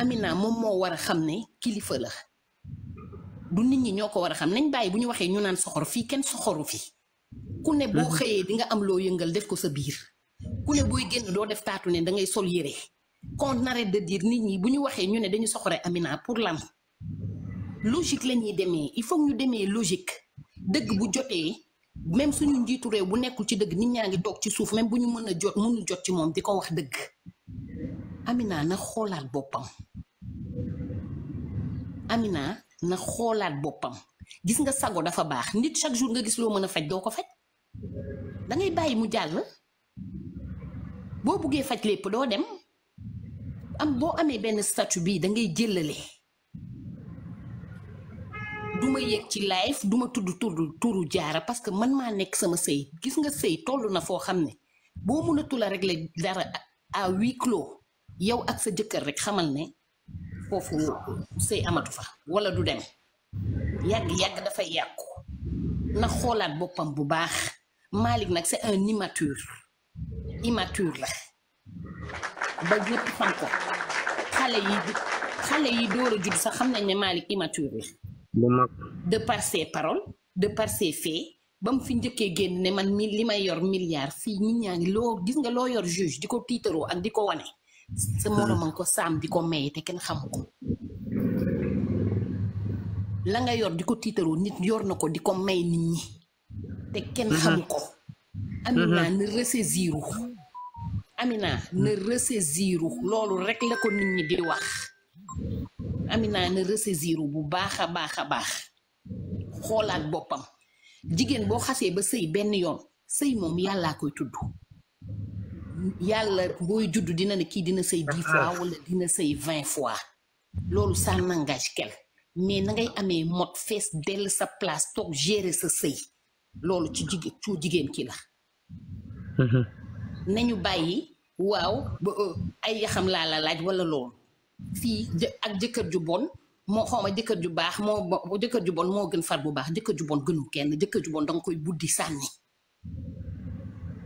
Amina moom moo war a xam ne kilifa la du nit ñi ñoo ko war a xam nañ bàyyi bu ñu waxee ñu naan soxor fii kenn soxoru fii ku ne boo mhm. xëyee di nga am loo yëngal def ko sa biir ku ne booy génn doo def taatu ne da ngay sol yére qu'on arrête de dire nit ñi bu ñu waxee ñu ne dañu soxore Amina pour lam logique la ñuy demee il faut ñu demee logique dëgg bu jotee même suñu njiitu réew bu nekkul ci dëgg nit ñaa ngi toog ci suuf même bu ñu mën a jot mënul jot ci moom di ko wax dëgg Amina na xoolaat boppam Amina na xoolaat boppam gis nga sago dafa baax nit chaque jour nga gis loo mën a faj doo ko faj da ngay bàyyi mu jàll boo buggee faj lépp doo dem am boo amee benn statut bii da ngay jëllale du ma yëg ci live du tudd turu jaara parce que man maa nekk sama sëy gis nga sëy tollu na foo xam ne boo mënatul a régler dara à huis yow ak sa jëkkër rek xamal ne. foofu sëy amatu fa wala du dem yàgg-yàgg dafay yàqu na xoolaat boppam bu baax Malick nag c'est un immature immature la ba ñëpp xam ko xale yi door a judd sax xam nañ ne Malick immature la de par ses de par ses bam fi njëkkee génn ne man mi li may yor milliard fii ñi ñaa ngi loo gis nga loo yor juge di ko tiitaroo ak di ko wane sa moroom ko saam di ko maye te kenn xamu ko la nga yor di ko tiitaroo nit yor na ko di ko may nit ñi te kenn mm-hmm. xamu ko Amina mm-hmm. ne ressaisiru Amina na ressaisiru loolu rek la ko nit ñi di wax Amina ne ressaisiru bu baax a baax a baax xoolaat boppam jigéen boo xasee ba sëy benn yoon sëy moom yàllaa koy tudd yàlla booy juddu dina ne kii dina sëy dix fois wala dina sëy vingt fois loolu ça n'engage kenn mais na ngay amee mot fees dell sa place toog gérer sa sëy loolu ci jigéen ci jigéen ki la mm-hmm. nañu bàyyi waaw ba euh, ay yaxam laa la laaj wala loolu fii ak jëkkër ju bon moo xawma jëkkër ju baax moo jëkkër ju bon moo gën far bu baax jëkkër ju bon gënu kenn jëkkër ju bon danga koy buddi sànni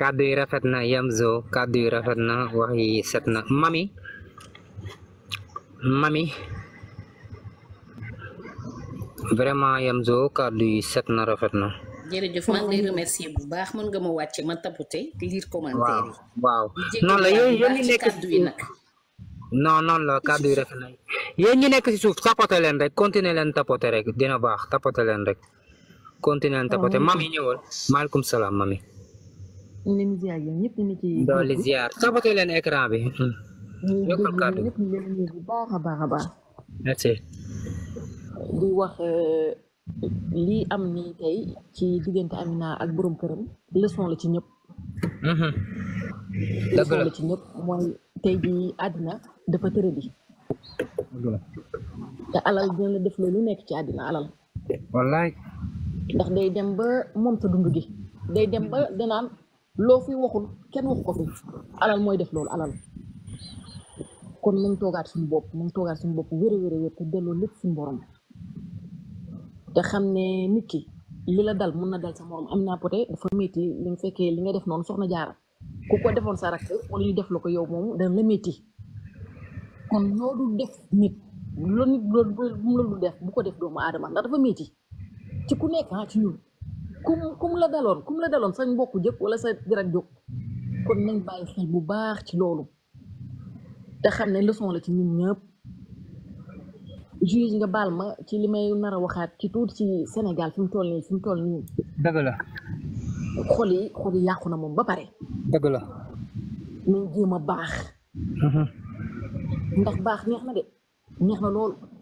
kàddu yi rafet na Yamzo kàddu yi rafet na wax set na mami mami vraiment Yamzo kàddu yi set na rafet na. jërëjëf bu baax mën nga ma wàcce ma tapoté lire commentaire yi. waaw noonu la yéen yéen nekk ci suuf non yi rafet na yéen ñi nekk ci suuf tapoté leen rek continuer leen tapoté rek dina baax tapoté leen rek continuer leen tapoté oh. mami ñëwal maaleykum salaam mami. ñu leen di ci. doole ziar saboté leen écran bi. yokkal kàddu ñëpp bu baax a baax a baax. merci. Euh, am ni diggante Amina ak borom këram leçon la ci ñëpp. Mhm. leçon ci ñëpp mooy tey jii àddina dafa tërë bi te alal dina la lu nekk ci àddina alal. wallaay. ndax day dem ba moom sa dund gi. day dem ba danaan. loo fi waxul kenn waxu ko fi alal mooy def loolu alal kon nañ toogaat suñu bopp nañ toogaat suñu bopp wér wér wér te delloo lépp suñu borom te xam ne nit ki li la dal mun na dal sa morom am naa pote dafa métti li nga fekkee li nga def noonu soxna jaara ku ko defoon sa rakk wala def la ko yow moom dana la métti kon loolu def nit loolu nit loolu def bu ko def doomu aadama ndax dafa métti ci ku nekk ah, ci ñun. kum kum la daloon kum la daloon sañ mbokk jëkk wala sa deret jóg kon nañ bàyyi xel bu baax ci loolu te xam ne leçon la ci ñun ñëpp juge nga baal ma ci li may nar a waxaat ci tuut ci Sénégal fi mu toll nii fi mu toll nii. dëgg la. xol yi yàqu na moom ba pare. dëgg la. nañ jéem a baax. Mhm. ndax baax neex na de neex na loolu.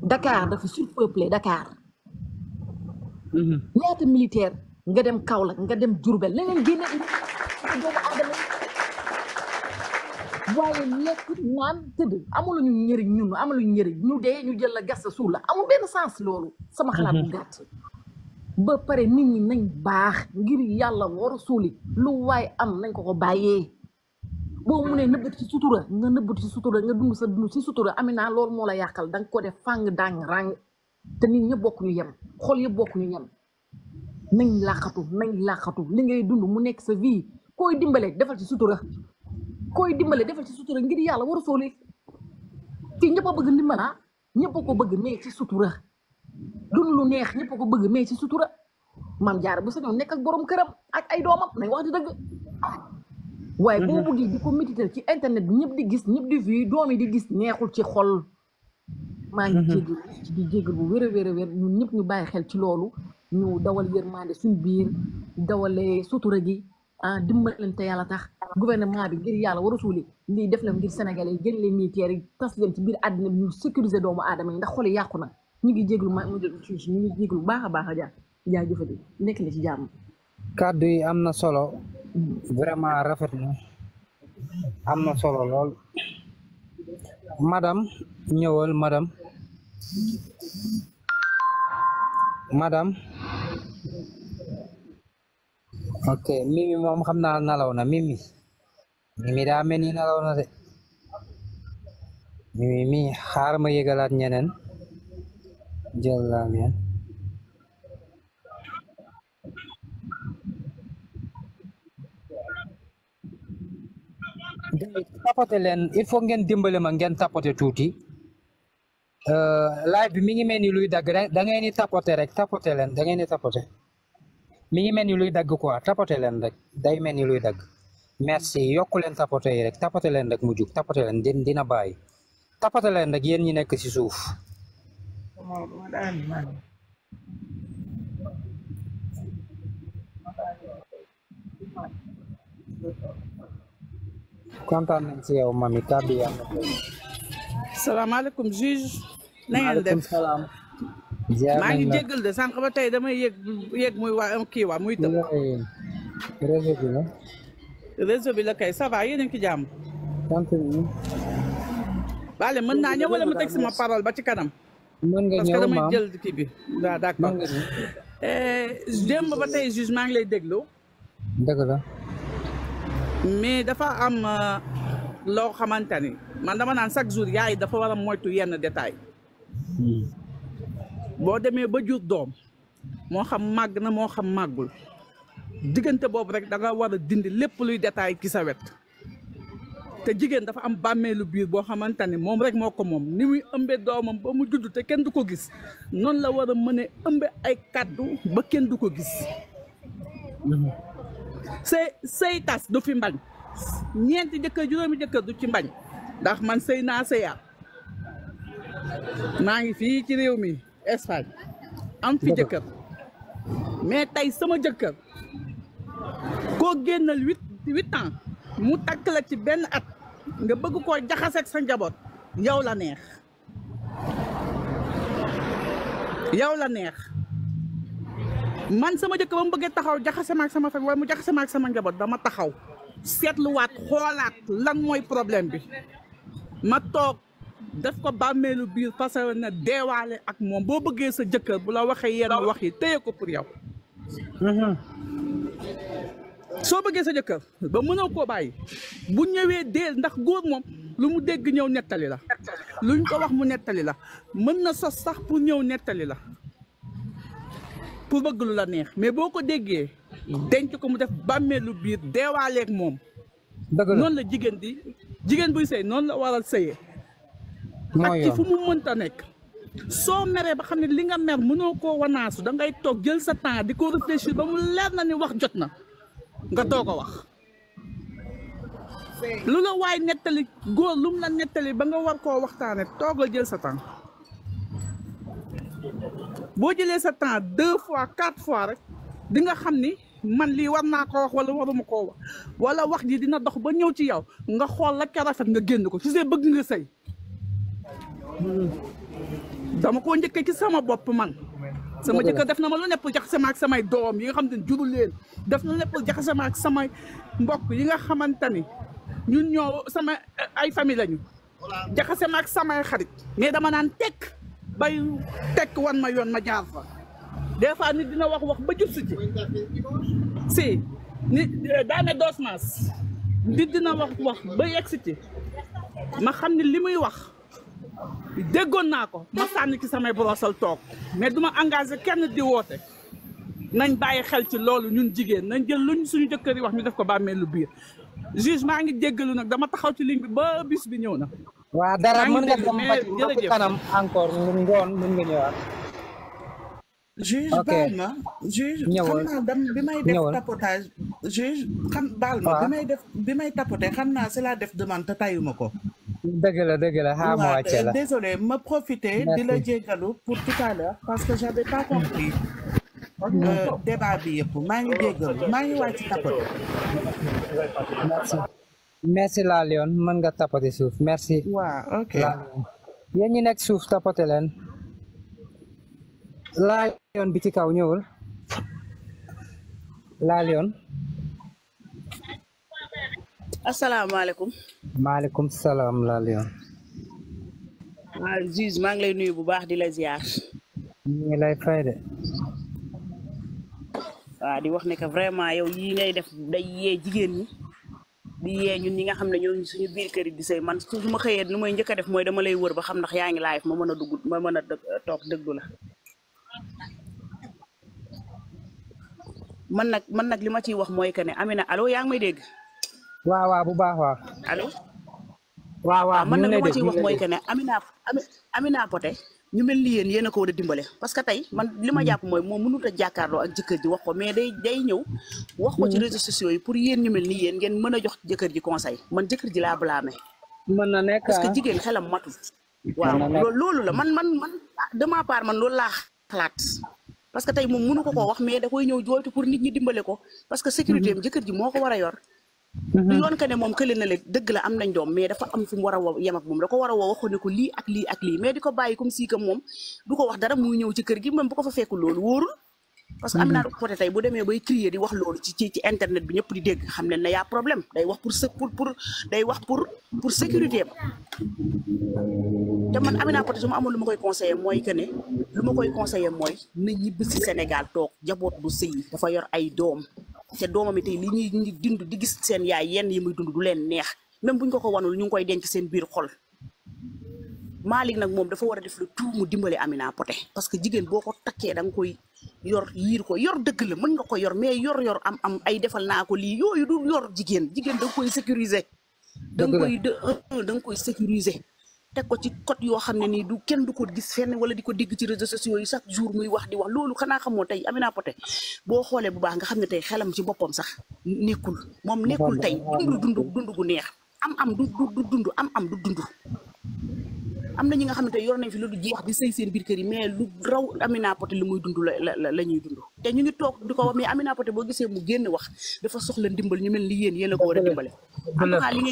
Dakar dafa surpeuplé Dakar. Mhm. ñaata militaire nga dem Kaolack nga dem Diourbel la leen génne indi doomu aadama waaye lekk naan tëdd amuluñu njëriñ ñun amuluñu njëriñ ñu dee ñu jël la gas sa suul la amul benn sens loolu. sama xalaat bu mhm. gàtt. ba pare nit ñi nañ baax ngir yàlla war a suuli lu waaye am nañ ko ko bàyyee. boo mu ne nëbbatu ci sutura nga nëbbatu ci sutura nga dund sa dund ci sutura Amina loolu moo la yàqal da nga ko def fàng dang rang te nit ñëpp bokk ñu yem xool yëpp bokk ñu yem na làqatu na làqatu li ngay dund mu nekk sa vie koy dimbale defal ci sutura koy dimbale defal ci sutura ngir yàlla war a soolee fii ñëpp a bëgg ndimbalaa ah, ñëpp a ko bëgg mais ci sutura dund lu neex ñëpp a ko bëgg mais ci sutura maam jaar bu sañoon nekk ak borom këram ak ay doomam nañ wax di waaye mhm. boo bëggee di ko métital ci internet bi ñëpp di gis ñëpp di vu doom yi di gis neexul ci xol. maa ngi mhm. jégal di jégal bu wér a wér ñëpp ñu bàyyi xel ci loolu ñu dawal yërmande suñ biir dawale sutura gi ah dimbalante yàlla tax gouvernement bi ngir yàlla war a suuli lii def mu ngir sénégalais yi jël leen militaire yi tas leen ci biir àddina bi ñu sécuriser doomu aadama yi ndax xol yàqu na ñu ngi jégalu ma ñu ngi jégalu baax a baax a jaar jaajëfati nekk na ci jàmm. Kadui yi am solo vraiment rafet na am solo lool madam ñëwal madam, madam ok mimi moom xam naa nalaw na mimi mimi daa mel ni nalaw na de mimi mi xaar ma yëgalaat ñeneen jël laa tapote len il faut ngeen dimbalé ma ngeen touti euh live bi mi ngi melni luy dag da ngay ni tapoté rek tapoté len da ngay ni tapoté mi ngi melni luy dag, quoi tapoté len rek day melni luy dag merci yokku len tapoté rek tapoté len rek mu juk tapoté len din dina bay tapoté len rek yeen ñi nekk ci suuf Thank you. quantas mensia é uma mitabi ya Salam alaikum juge. Nem andem. Salam. maa ngi jégal de sànq ba tey damay yëg yëg muy waa kii waa muy tëb. réseau bi la. réseau bi la kay ça va yéen a ngi ci jàmm. sant nañu. Bale mën naa ñëw wala mu teg sama parole ba ci kanam. mën nga ñëw parce que damay jël kii bi waaw d' accord. démb ba tey juge maa ngi lay déglu. dëgg la. mais dafa am euh, loo xamante ni man dama naan chaque jour yaay dafa war a moytu yenn détail hmm. boo demee ba jur doom moo xam màgg na moo xam màggul diggante boobu rek danga war a dindi lépp luy détail ci sa wet te jigéen dafa am bàmmeelu biir boo xamante ne moom rek moo ko moom ni muy ëmbee doomam ba mu judd te kenn du ko gis noonu la war a mën ëmbe ay kàddu ba kenn du ko gis hmm. say say tas du fi mbañ ñeenti jëkkër juróomi jëkkër du ci mbañ ndax man sëy naa sëyaat maa ngi fii ci réew mi Espagne am fi jëkkër mais tey sama jëkkër koo génnal huit huit ans mu takk la ci benn at nga bëgg koo jaxaseeg sa njaboot yow la neex yow la neex man sama jëkk ba mu bëggee taxaw jaxasama ak sama famille wala mu jaxasama ak sama njaboot dama taxaw seetluwaat xoolaat lan mooy problème bi ma toog daf ko bàmmeelu biir parce que na deewaale ak moom boo bëggee sa jëkkër bu la waxee yenn wax yi téye ko pour yow mhm. soo bëggee sa jëkkër ba mënoo koo bàyyi bu ñëwee dee ndax góor moom lu mu dégg ñëw nettali la luñ ko wax mu nettali la mën na sos sax pour ñëw nettali la pour bëgg lu la neex mais boo ko déggee denc ko mu def bàmmeelu biir deewaaleeg moom noonu la jigéen di jigéen buy sëy noonu la waral sëyee ak ci fu mu mënta nekk soo meree ba xam ne li nga mer mënoo koo wanaasu da ngay toog jël sa temps di ko réfléchir ba mu leer na ni wax jot na nga toog a wax lu la waaye nettali góor lu mu la nettali ba nga war koo waxtaane toogal jël sa tàn boo jëlee sa temps deux fois quatre fois rek di nga xam ni man lii war naa ko wax wala waruma koo wax wala wax ji dina dox ba ñëw ci yow nga xool la carafet nga génn ko su see bëgg nga sëy dama koo njëkkee ci sama bopp man sama jëkkër def na ma lu nepp jaxase ma ak samay doom yi nga xam ne juru leen def na lu nepp jaxase ma ak samay mbokk yi nga xamante ni ñun ñoo sama ay famille lañu jaxase ma ak samay xarit mais dama naan tekk bay tekk wan ma yoon ma jaar fa des fois nit dina wax wax ba jub si ci si nit daane doos maas nit dina wax ba yegg si ci ma xam ni li muy wax déggoon naa ko ma sànni ci samay borosal toog mais duma engagé kenn di woote nañ bàyyi xel ci loolu ñun jigéen nañ jël luñ suñu jëkkër yi wax ñu def ko bàmmeelu biir juge maa ngi jéggalu nag dama taxaw ci ligne bi baa bis bi ñëw na waa dara mën nga dem ba ci kanam encore ngoon mën nga ñëwaat. juge baal ma juge bi may def tapotage juge baal ma bi may def bi may tapoté xam naa si la def demande te tayuma ko dëgg la dëgg la xaar ma désolé ma profité di la jéggalu pour tout à l'heure parce que j'avais pas compris euh, débat bi yëpp maa ngi jéggalu maa ngi wàcc tapoté merci Merci la leon man nga suuf merci. Wow, ok laa leon next ñi nekk suuf tapote leen. La leon bi ci kaw ñëwul. laa leon. asalaamaaleykum. maaleykum salaam laa ah, leon. ngi bu baax di la ziar. ñu ngi lay fay de. Wa di wax ne ka vraiment yow yi ngay def day yé jigen ni. di yee ñun ñi nga xam ne ñoo suñu biir kër yi di sëy man su ma xëyee nu may njëkk a def mooy dama lay wër ba xam ndax yaa ngi live ma mën a dugg ma mën a toog déglu la. man nag man nag li ma ciy wax mooy que ne Amina allo yaa ngi may dégg. waaw bu baax waaw. waaw waaw ah, man nag li ciy wax mooy que ne Amina Amina Poté. ñu mel ni yéen yéen a ko war a dimbale parce que tey man li ma mm. jàpp mooy moom mënut a jàkkaarloo ak jëkkër ji wax ko mais day day ñëw wax ko ci mm. réseaux sociaux yi pour yéen ñu mel ni yéen ngeen mën a jox jëkkër ji conseil man jëkkër ji laa blâmé mën na nekk parce que ah. jigéen xelam matul waaw loolu la man man man de ma man loolu laa xalaat parce que tey moom mënu ko koo wax mais da koy ñëw jooytu pour nit ñi dimbale ko parce que sécurité am mm-hmm. jëkkër ji moo ko war a yor du mm-hmm. yoon que ne moom kële na leen dëgg la am nañ doom mais dafa am fu mu war a woo moom da ko war a woo waxoon ne ko lii ak li ak lii mais di ko bàyyi comme si que moom du ko wax dara muy ñëw ci kër gi moom bu ko fa fekku loolu wóorul parce que am hmm. naa côté tey bu demee bay crier di wax loolu ci ci ci internet bi ñëpp di dégg xam ne ne y' a problème day wax pour pour pour day wax pour pour sécurité am te man Amina Poté su ma amoon lu ma koy conseillé mooy que ne lu ma koy conseillé mooy na ñibbi si Sénégal toog jaboot du sëy dafa yor ay doom te doomam yi tey li ñuy dund di gis seen yaay yenn yi muy dund du leen neex même buñ ko ko wanul ñu ngi koy denc seen biir xol Malick nag moom dafa war a def le tout mu dimbale Amina Poté parce que jigéen boo ko takkee da koy yor yiir ko yor dëgg la mën nga ko yor mais yor yor am am ay defal naa ko lii yooyu du yor jigéen jigéen da nga koy sécuriser da nga koy euh, euh, da nga koy sécuriser teg ko ci code yoo xam ne ni du kenn du ko gis fenn wala di ko dégg ci réseaux sociaux yi chaque jour muy wax di wax loolu xana xamoo tey Amina Poté boo xoolee bu baax nga xam ne tey xelam ci boppam sax nekkul moom nekkul tey dund dund dund gu neex am am du dund am am du dund am na ñi nga xam ne yor nañ fi lu jeex di sëy seen biir kër yi mais lu raw Amina Poté li muy dund la la la ñuy dund te ñu ngi toog di ko wax mais Amina Poté boo gisee mu génn wax dafa soxla ndimbal ñu mel ni yéen yéen ko war a dimbale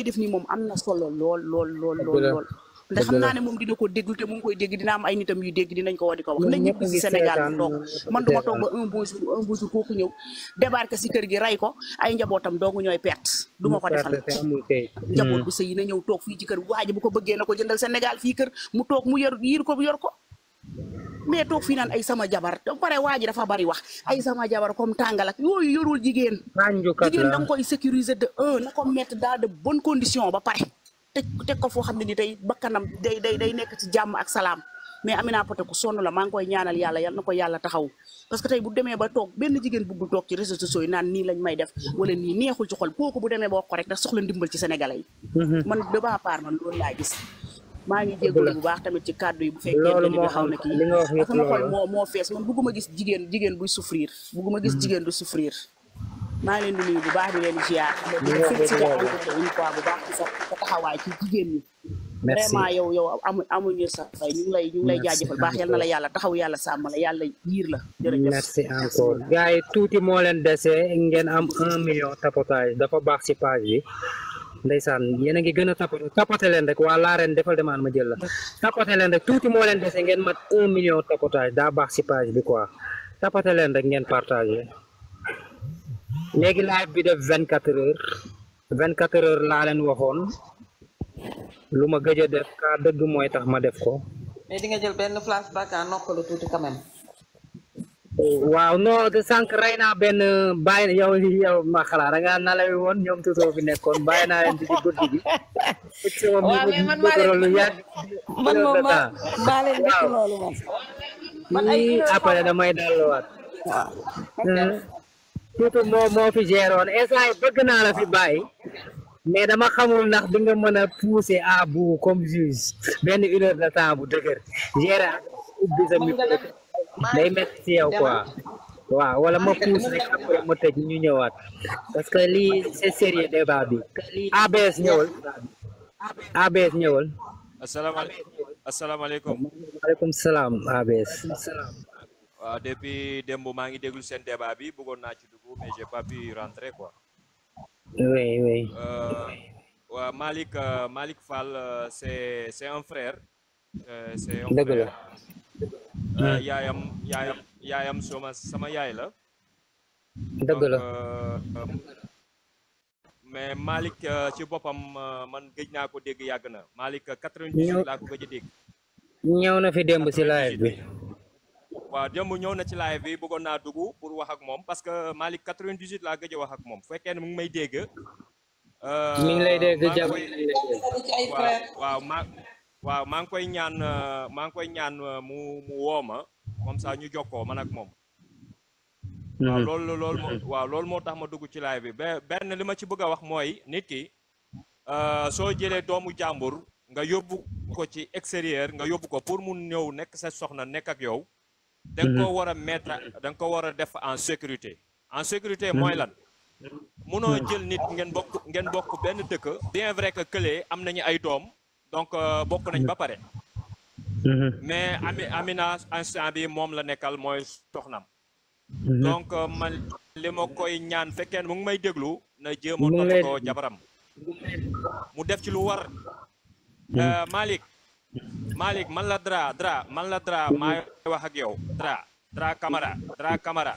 def nii moom am na solo lool lool lool lool lool da xam naa ne moom dina ko déglu te mu ngi koy dégg dina am ay nitam yu dégg dinañ ko war di ko wax nañ ñëpp si Sénégal toog man duma toog ba un bon jour un bon jour kooku ñëw débarqué si kër gi ray ko ay njabootam doogu ñooy perte du ma ko defal mm. njaboot bu sëy na ñëw toog fii ci kër waaji bu ko bëggee na ko jëndal Sénégal fii kër mu toog mu yor yir ko yor ko mais toog fii naan ay sama jabar pare waa dafa bari wax ay sama jabar comme tàngal ak yooyu yorul jigéen jigéen da nga koy sécuriser de un na ko mettre dans de bonnes conditions ba pare teg teg ko foo xam ne ni day bakkanam day day nekk ci jàmm ak salaam mais Amina Poté ku la maa ngi koy ñaanal yàlla yal na ko yàlla taxaw parce que tey bu demee ba toog benn jigéen buggul toog ci réseaux sociaux yi naan nii lañ may def wala nii neexul ci xol kooku bu demee ba wax ko rek da soxla ndimbal ci sénégalais mhm. man de ba man loolu laa gis maa ngi jégalu bu baax tamit ci kàddu yi bu fekkee li nga xam ne kii sama xol moo fees man maa leen di nuyu bu baax di leen ziar. di leen félicité encore une ci sa yow yow amu amuñu sa fay ñu ngi lay baax yal na la yàlla taxaw yàlla sàmm la yàlla yiir la. jërëjëf merci encore gars yi tuuti moo leen dese ngeen am un million tapotage dafa baax ci page bi. ndeysaan yéen a ngi gën a tapote tapote leen rek waa laareen defal demaan ma jël la tapote leen rek tuuti moo leen dese ngeen mat un million tapotage daa baax ci page bi quoi tapote leen rek ngeen partage léegi live bi def vingt quatre heures vingt quatre heures laa leen waxoon lu ma gëj a def kaa dëgg mooy tax ma def ko. mais di waaw non de sànq rey naa benn bàyyi yow yow ma xalaat da ngaa nalawi woon ñoom tutoo fi nekkoon bàyyi naa leen di ci guddi gi. waaw mais man maa leen man leen dëkk loolu man. man ay après damay delluwaat. waaw. Euh, surtout moo moo fi géroon instant bëgg naa la fi bàyyi mais dama xamul ndax di nga mën a pousser à bout comme juge benn une heure de temps bu dëgër gérer ubbi sa micro day métti ci yow quoi waaw wala ma puus ma tëj ñu ñëwaat parce que lii c'est sérieux débat bi ABS ñëwal ABS ñëwal asalaamaaleykum asalaamaaleykum waaleykum salaam ABS Euh, depuis Dembo ma ngi deglu sen Mangi Degul Sente na ci Nachidougou, mais j'ai pas pu rentrer quoi. Oui, oui. Euh, ouais, Malik, euh, Malik Fall, euh, c'est c'est un frère. Euh, c'est un frère. Euh, yaayam yaayam yaayam sama sama yaay la. dëgg la mais malik ci boppam man gëj na ko dégg yag na malik 98 la ko gëj a dégg. ñëw na fi demb ci live bi. waaw démb ñëw na ci live bi bëggoon naa dugg pour wax ak moom parce que Malick 98 laa gëj a wax ak moom bu fekkee ne mu ngi may dégg. Euh, mi ngi lay dégg jàmm waaw maa ngi koy ñaan euh, maa ngi koy ñaan euh, mu mu woo ma comme ça ñu jokkoo man ak moom. waaw mm-hmm. loolu loolu moo mm-hmm. waaw loolu moo tax ma dugg ci live bi benn li ma ci bëgg a wax mooy nit ki soo jëlee doomu jàmbur nga yóbbu ko ci extérieur nga yóbbu ko pour mu ñëw nekk sa soxna nekk ak yow. da mm-hmm. ko war a mettre da nga ko war a def en sécurité en sécurité mm-hmm. mooy lan mënoo mm-hmm. jël nit ngeen bokk ngeen bokk benn dëkk bien vrai que kële am nañu ay doom donc euh, bokk nañ ba pare mais ami amina instant bi moom la nekkal mooy soxnam donc euh, man li ma koy ñaan fekkee mu ngi may déglu na jéem a toppatoo jabaram mu def ci lu war euh, Malick Malick man la Dra Dra man la Dra maay wax ak yow Dra Dra Camara Dra Camara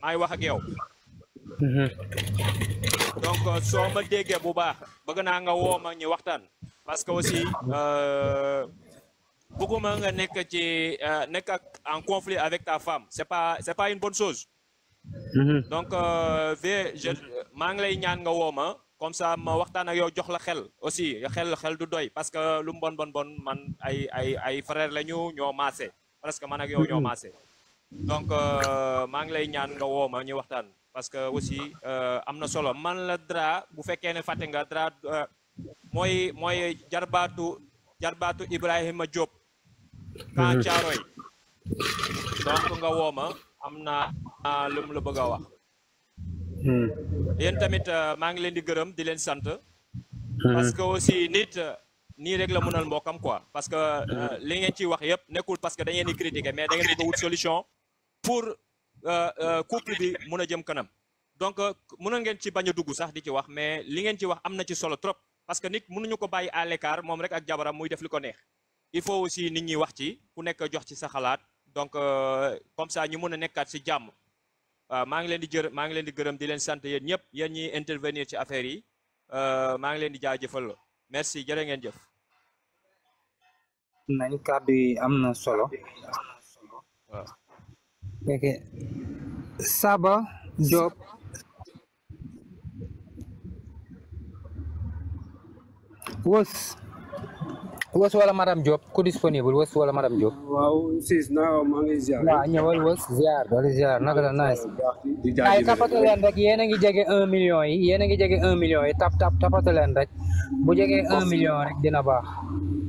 maay wax yow. donc euh, soo ma déggee bu baax bëgg naa nga woo ma waxtaan parce que aussi euh, bëgguma nga nekk ci euh, nekk ak en conflit avec ta femme c'est pas une bonne chose. Mm-hmm. donc ve maa ngi lay ñaan nga woo comme ça ma waxtaan ak yow jox la xel aussi xel xel du doy parce que lu mu bon bon man ay ay ay frère la ñu ñoo maase presque man ak yow ñoo mm-hmm. maase donc euh, maa ngi lay ñaan nga woo ma ñu waxtaan parce que aussi euh, am na solo man la Dra bu fekkee ne fàtte nga Dra euh, mooy mooy jarbaatu jarbaatu Ibrahima Diop kan Caaroy mm-hmm. donc nga woo ma na lu la bëgg a wax Hmm. yéen tamit euh, maa ngi leen di gërëm di leen sant. Hmm. parce que aussi nit euh, nii rek la mënal mbokkam quoi parce que euh, hmm. li ngeen ciy wax yëpp nekkul parce que da ngeen di critiquer mais da ngeen di ko wut solution pour couple bi mun a jëm kanam. donc mun a ngeen ci bañ dugg sax di ci wax mais li ngeen ci wax am na ci solo trop parce que nit mënuñu ko bàyyi à l'écart moom rek ak jabaram muy def li ko neex il faut aussi nit ñi wax ci ku nekk jox ci sa xalaat donc comme ça ñu mën a nekkaat si jàmm. waaw ah, maa ngi leen di jër maa ngi leen di gërëm di leen sant yéen ñëpp yéen ñi intervenir ci affaire yi ah, maa ngi leen di jaajëfal merci jërë ngeen jëf. nañ kàddu yi am solo. waaw. ok Saba Diop. Wos. Wës wala madame Diop ku disponible Wës wala madame Diop. waaw sis naa maa ngi ziar. waaw ziar wala ziar naka la nice. di rek yéen a ngi jege un million yi yéen a ngi jege un million yi tap tap tapate leen rek bu jegee un million rek dina baax.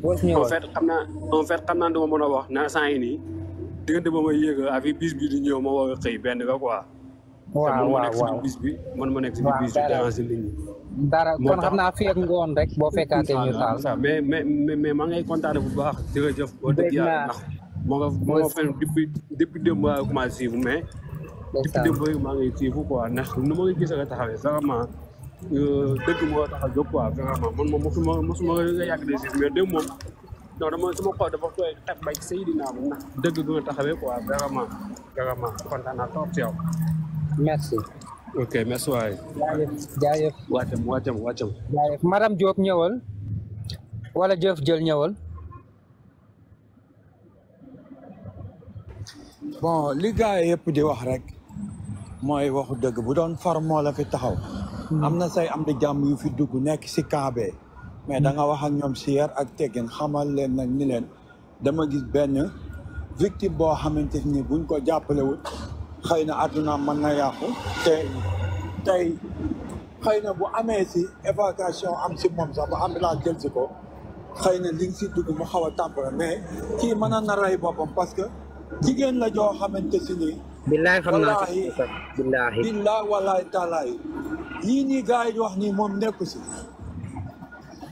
Wës ñëwal en fait xam naa en fait xam naa dama mën a wax na yi nii diggante ma yéeg affaire bis bi di ñëw ma woo waaw waaw waaw dara kon xam naa feeg ngoon rek boo fekkaatee ñu taal. mais mais mais maa ngay bu baax jërëjëf. a dëgg yàlla ndax moo nga nga fen depuis depuis démb mais. depuis démb rek maa ngi nu ma ngi gis nga taxawee vraiment euh, dëgg moo tax a jóg quoi vraiment man moom mosuma mosuma nga yàgg de si mais démb moom non dama sama xol dafa tooy teg bay Seydina bu ndax dëgg bi nga taxawee quoi vraiment vraiment kontaan naa trop ci merci. ok merci waay. jaajëf jaajëf. waatam wala jëf jël ñëwal. bon li gars yëpp di wax rek. mooy waxu dëgg bu doon far moo la fi taxaw. Hmm. am na say am di jàmm yu fi dugg nekk ci kaabe. mais danga nga hmm. wax ak ñoom si yar ak teggin xamal leen na ni dama gis benn victime boo xamante ni buñ ko jàppalewul xëy na àdduna mën na yàqu te tey xëy na bu amee si évacuation am si moom sax ba ambulance jël si ko xëy na li si dugg mu xaw a tàmpale mais ki mën na ray boppam parce que jigéen la joo xamante si nii billaay xam naa billaay billaay wallaay taalaay yii nii gars wax nii moom nekku si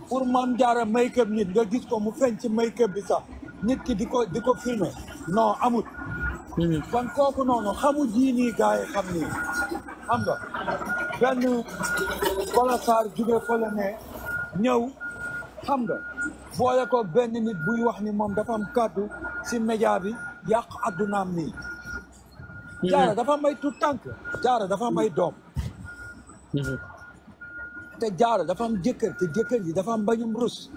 pour maam jaara make nit nga gis ko mu feeñ ci make bi sax nit ki di ko di ko filmer amut kon kooku noonu xamu jiini gars yi xam ni xam nga benn Bala Sarr jóge fële ne ñëw xam nga boole ko benn nit buy wax ni moom dafa am kàddu si média bi yàq addunaam nii jaara dafa may tout tànk jaara dafa may doom te jaara dafa am jëkkër te jëkkër ji dafa am mbañum rus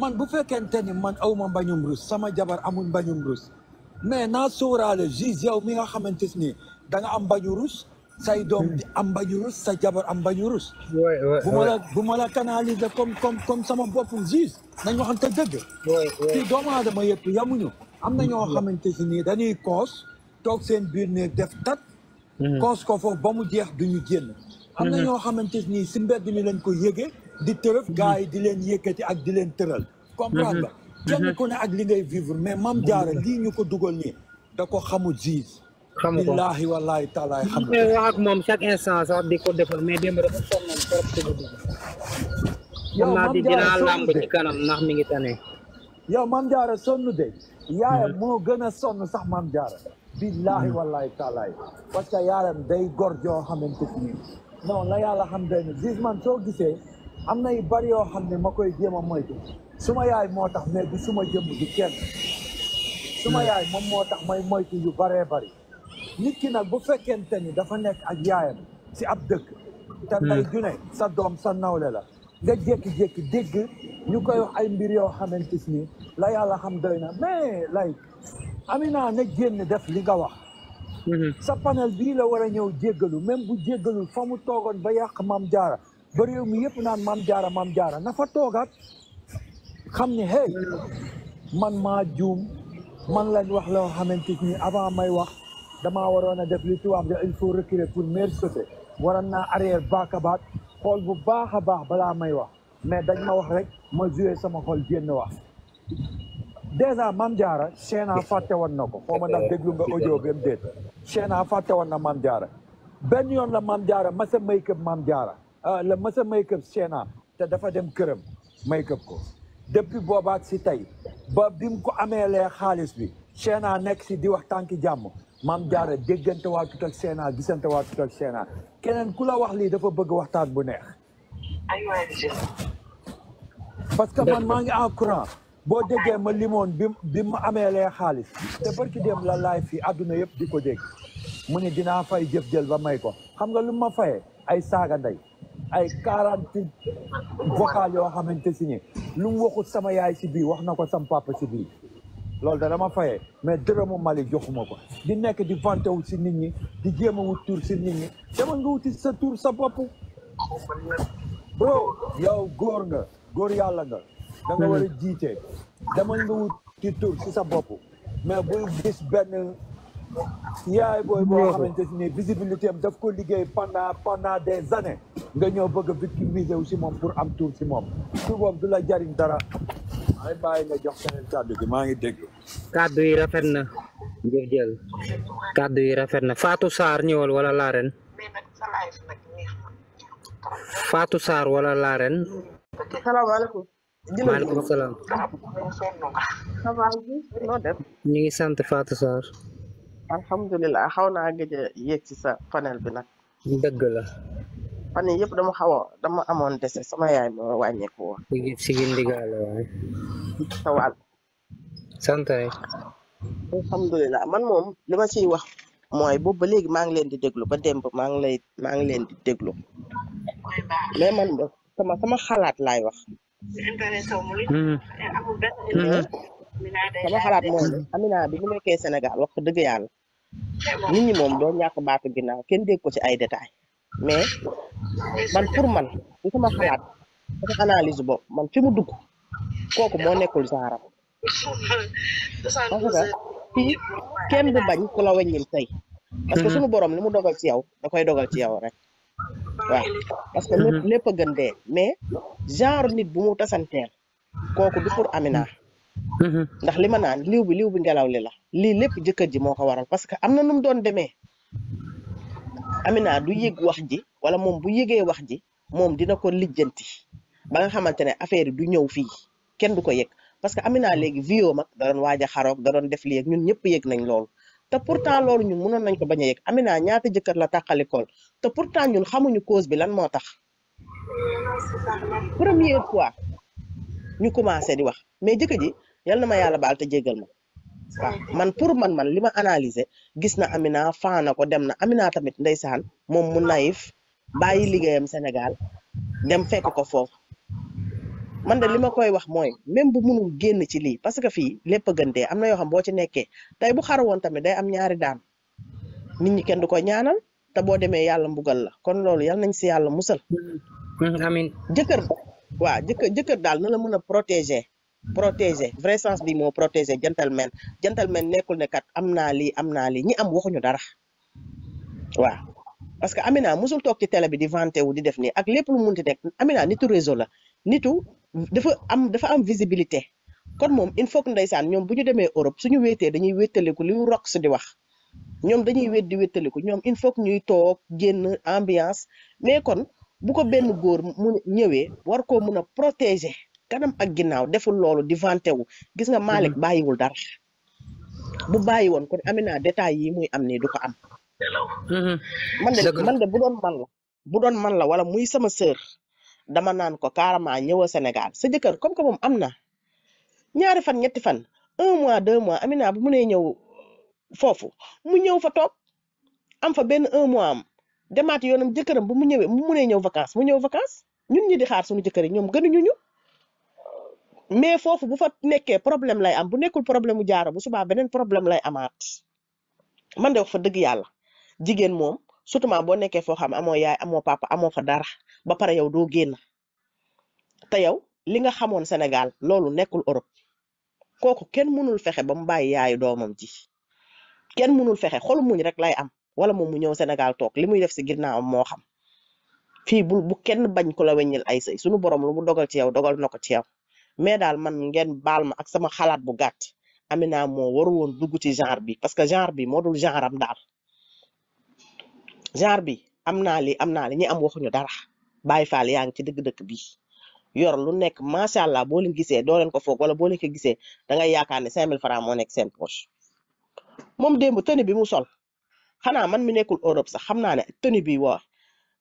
man bu fekkente ni man awma mbañum rus sama jabar amul mbañum rus mais naa sóoraale gis yow mi nga xamante ni da nga am bañu rus say doom am bañu sa jabar am bañu rus bu ma la bu ma la canaliser comme comme comme sama bopp gis nañ waxante dëgg ci doomu yëpp yamuñu am na ñoo xamante si nii dañuy koos toog seen biir ne def tat mhm. koos ko foofu ba mu jeex duñu génn am na mhm. ñoo xamante nii si mbedd mi lañ ko yëge di tërëf mhm. gars yi di leen yëkkati ak di leen tëral comprendre kenn ku ne ak li ngay vivre mais Mame Diarra lii ñu ko dugal nii da ko xamu ziis xam ko billaahi wallaahi taala xam mais wax ak moom chaque instant sax di ko defal mais démb dafa sonnoon trop ci guddi yow Mame Diarra di dinaa làmb ci kanam ndax mi ngi tane yow Mame Diarra sonn de yaayam moo gën a sonn sax Mame Diarra billaahi wallaahi taala parce que yaayam day gor joo xamante ni non la yàlla xam day ne ziis man soo gisee am na yu bari yoo xam ne ma koy jéem a moytu suma yaay moo tax mais du suma jëmm du kenn suma hmm. yaay moom moo tax may moytu yu baree bari nit ki nag bu fekkente ni dafa nekk ak yaayam si ab dëkk te tey hmm. june sa doom sa nawle la nga jékki-jékki dégg ñu koy wax ay mbir yoo xamante ni la yàlla xam doy na mais lay naa na génn def li nga wax hmm. sa panel bii la war a ñëw jéggalu même bu jéggalul fa mu toogoon ba yàq maam jaara ba réew mi yëpp naan maam jaara maam jaara na fa toogaat xam ne hey man maa juum man lañ wax loo xamante ni avant may wax damaa waroon a def li tubaab da il faut reculer pour mieux sauter waroon naa arrière baakabaat xool bu baax a baax balaa may wax mais dañ ma wax rek ma joué sama xool génn wax dèjà Mame Diarra Cheikhna fàtte woon na ko xaw ma ndax déglu nga audio bi mu déet Cheikhna fàtte woon na Mame Diarra benn yoon la Mame Diarra masa make up daara Diarra euh, la masa make up te dafa dem këram make ko depuis boobaat si tey ba bi mu ko amee lee xaalis bi Sénat nekk si di wax tànki jàmm maam jaara déggante waatut ak Sénat gisante waatut ak Sénat keneen ku la wax lii dafa bëgg waxtaan bu neex. parce que man maa ngi en courant boo déggee ma limoon bi bi mu amee lee xaalis te barki dem la laay fii àdduna yëpp di ko dégg mu ne dinaa fay jëf jël ba may ko xam nga lu ma fayee ay saaga ndey. ay 40 vocal yo xamante si lu mu sama yaay ci bi wax nako ko sama papa ci bi lol da dama fayé mais dërëmu Mali joxuma di nek di vanté wu ci nit ñi di jéem wu tour tur nit ñi dama nga wuti sa tur sa bopp bro yow gor nga gor yalla nga da nga wara jité dama nga wuti tur ci sa bopp mais bu gis ben yaay booy boo xamante ni visibilité daf ko liggéey pendant pendant des années nga ñëw bëgg a victimiser wu si moom pour am tuur si moom tuur du la jariñ dara ay bàyyi nga jox keneen gi maa ngi déglu kàddu yi rafet na jëf jël kàddu yi rafet na Fatou saar ñëwal wala laaren faatu Sarr wala laaren salaamaaleykum maaleykum salaam ngi sant Fatou Sarr alhamdulilah xaw naa gëj a yéeg ci sa panel bi nag. dëgg la. fan yii yëpp dama xaw a dama amoon dese sama yaay moo wàññeeku woon. sigi sigi ndigal waay. sa wàll. sant rek. alhamdulilah man moom li ma ciy wax mooy boobu ba léegi maa ngi leen di déglu ba démb maa ngi lay maa ngi leen di déglu. mais man sama sama xalaat laay wax. sama xalaat moom Amina bi mu nekkee Sénégal wax dëgg yàlla nit ñi moom doo ñàkk baatu ginnaaw kenn dégg ko ci ay détails mais man pour man ci sama xalaat sama analyse boobu man fi mu dugg kooku moo nekkul saaram parce que fii kenn du bañ ku la weññil tey parce que mhm. suñu borom li mu dogal ci yow da koy dogal ci yow rek waaw parce que mhm. lépp lépp a gën dee mais genre nit bu mu tasanteel kooku du pour Amina Mm-hmm. ndax li ma naan liw bi liw bi ngelaw li la lii lépp jëkkër ji moo ko waral parce que am na nu mu doon demee Amina du yëg wax ji wala moom bu yëgee wax ji moom dina ko lijjanti ba nga xamante ne affaire yi du ñëw fii kenn du ko yëg parce que Amina léegi vioo mag da doon waaj xaroog da doon def lii ak ñun ñëpp yëg nañ loolu te pourtant loolu ñun mënoon nañ ko bañ a yëg Amina ñaata jëkkër la tàqalikool te pourtant ñun xamuñu cause bi lan moo tax première fois di wax mais jëkkër ji yal na ma yàlla baal ta jéggal ma man pour man man li ma analyser gis na Amina faa ko dem na Amina tamit ndeysaan moom mu naïf bàyyi liggéeyam Sénégal dem fekk ko foofu man de li koy wax mooy même bu munul génn ci lii parce que fii lépp a gëntee am na yoo xam boo ci nekkee tey bu xar woon tamit day am ñaari daan nit ñi kenn du ko ñaanal te boo demee yàlla mbugal la kon loolu yal nañ si yàlla musal. amiin jëkkër ba daal na la mën a protéger. protéger vrai sens bi moo protégé gentleman gentleman nekkul ne kat am naa lii am naa lii ñi am waxuñu dara waaw parce que Amina musul toog ci télé bi di vanté wu di def nii ak lépp lu munti nekk Amina nitu réseau la nitu dafa am dafa am visibilité kon moom il faut que ndeysaan ñoom bu ñu demee Europe suñu wéetee dañuy wéttaliku li rox di wax ñoom dañuy wét di wéttaliku ñoom il faut que ñuy toog génn ambiance mais kon bu ko benn góor mu ñëwee war koo mun a protéger kanam ak ginnaaw deful loolu di vanté wu gis nga Malick mm-hmm. bàyyiwul dara bu bàyyi woon kon Amina détails yi muy am nii du ko am mm-hmm. man de man de bu doon man bu doon man la wala muy sama sœur dama naan ko carrément ñëwa Sénégal sa jëkkër comme que moom am na ñaari fan ñetti fan un mois deux mois Amina bu mu nee ñëw foofu mu ñëw fa toog am fa benn un mois am demaat yoonam jëkkëram bu mu ñëwee mu munee ñëw vacances mu ñëw vacances ñun ñi di xaar suñu jëkkër yi ñoom gënuñu ñu mais fofu bu fa nekké problème lay am bu nekul problème mu jaaro bu suba benen problème lay amat man de wax fa deug yalla jigen mom surtout bo nekké fo xam amo yaay amo papa amo fa dara ba para yow do hamon ta yow li nga xamone senegal lolou nekul Europe koku ken munul fexé bam bay yaay domam ji ken munul fexé xol muñ rek lay am wala mom mu ñew senegal tok limuy def ci ginaaw mo xam fi bu ken kenn bañ ko la wéñal ay sey sunu borom lu mu dogal ci yow dogal nako ci yow mais daal man ngeen baal ma ak sama xalaat bu gàtt Amina moo waru woon dugg ti genre bi parce que genre bi moo dul genre am daal genre bi am naa li am naa li ñi am waxuñu dara bàyyi faal yaa ngi ci dëgg-dëgg bi yor lu nekk macha allah boo leen gisee doo leen ko foog wala boo leen ko gisee da ngay yaakaar ne 5000 francs moo nekk seen poche moom démb tenue bi mu sol xanaa man mi nekkul Europe sax xam naa ne tenue bi waa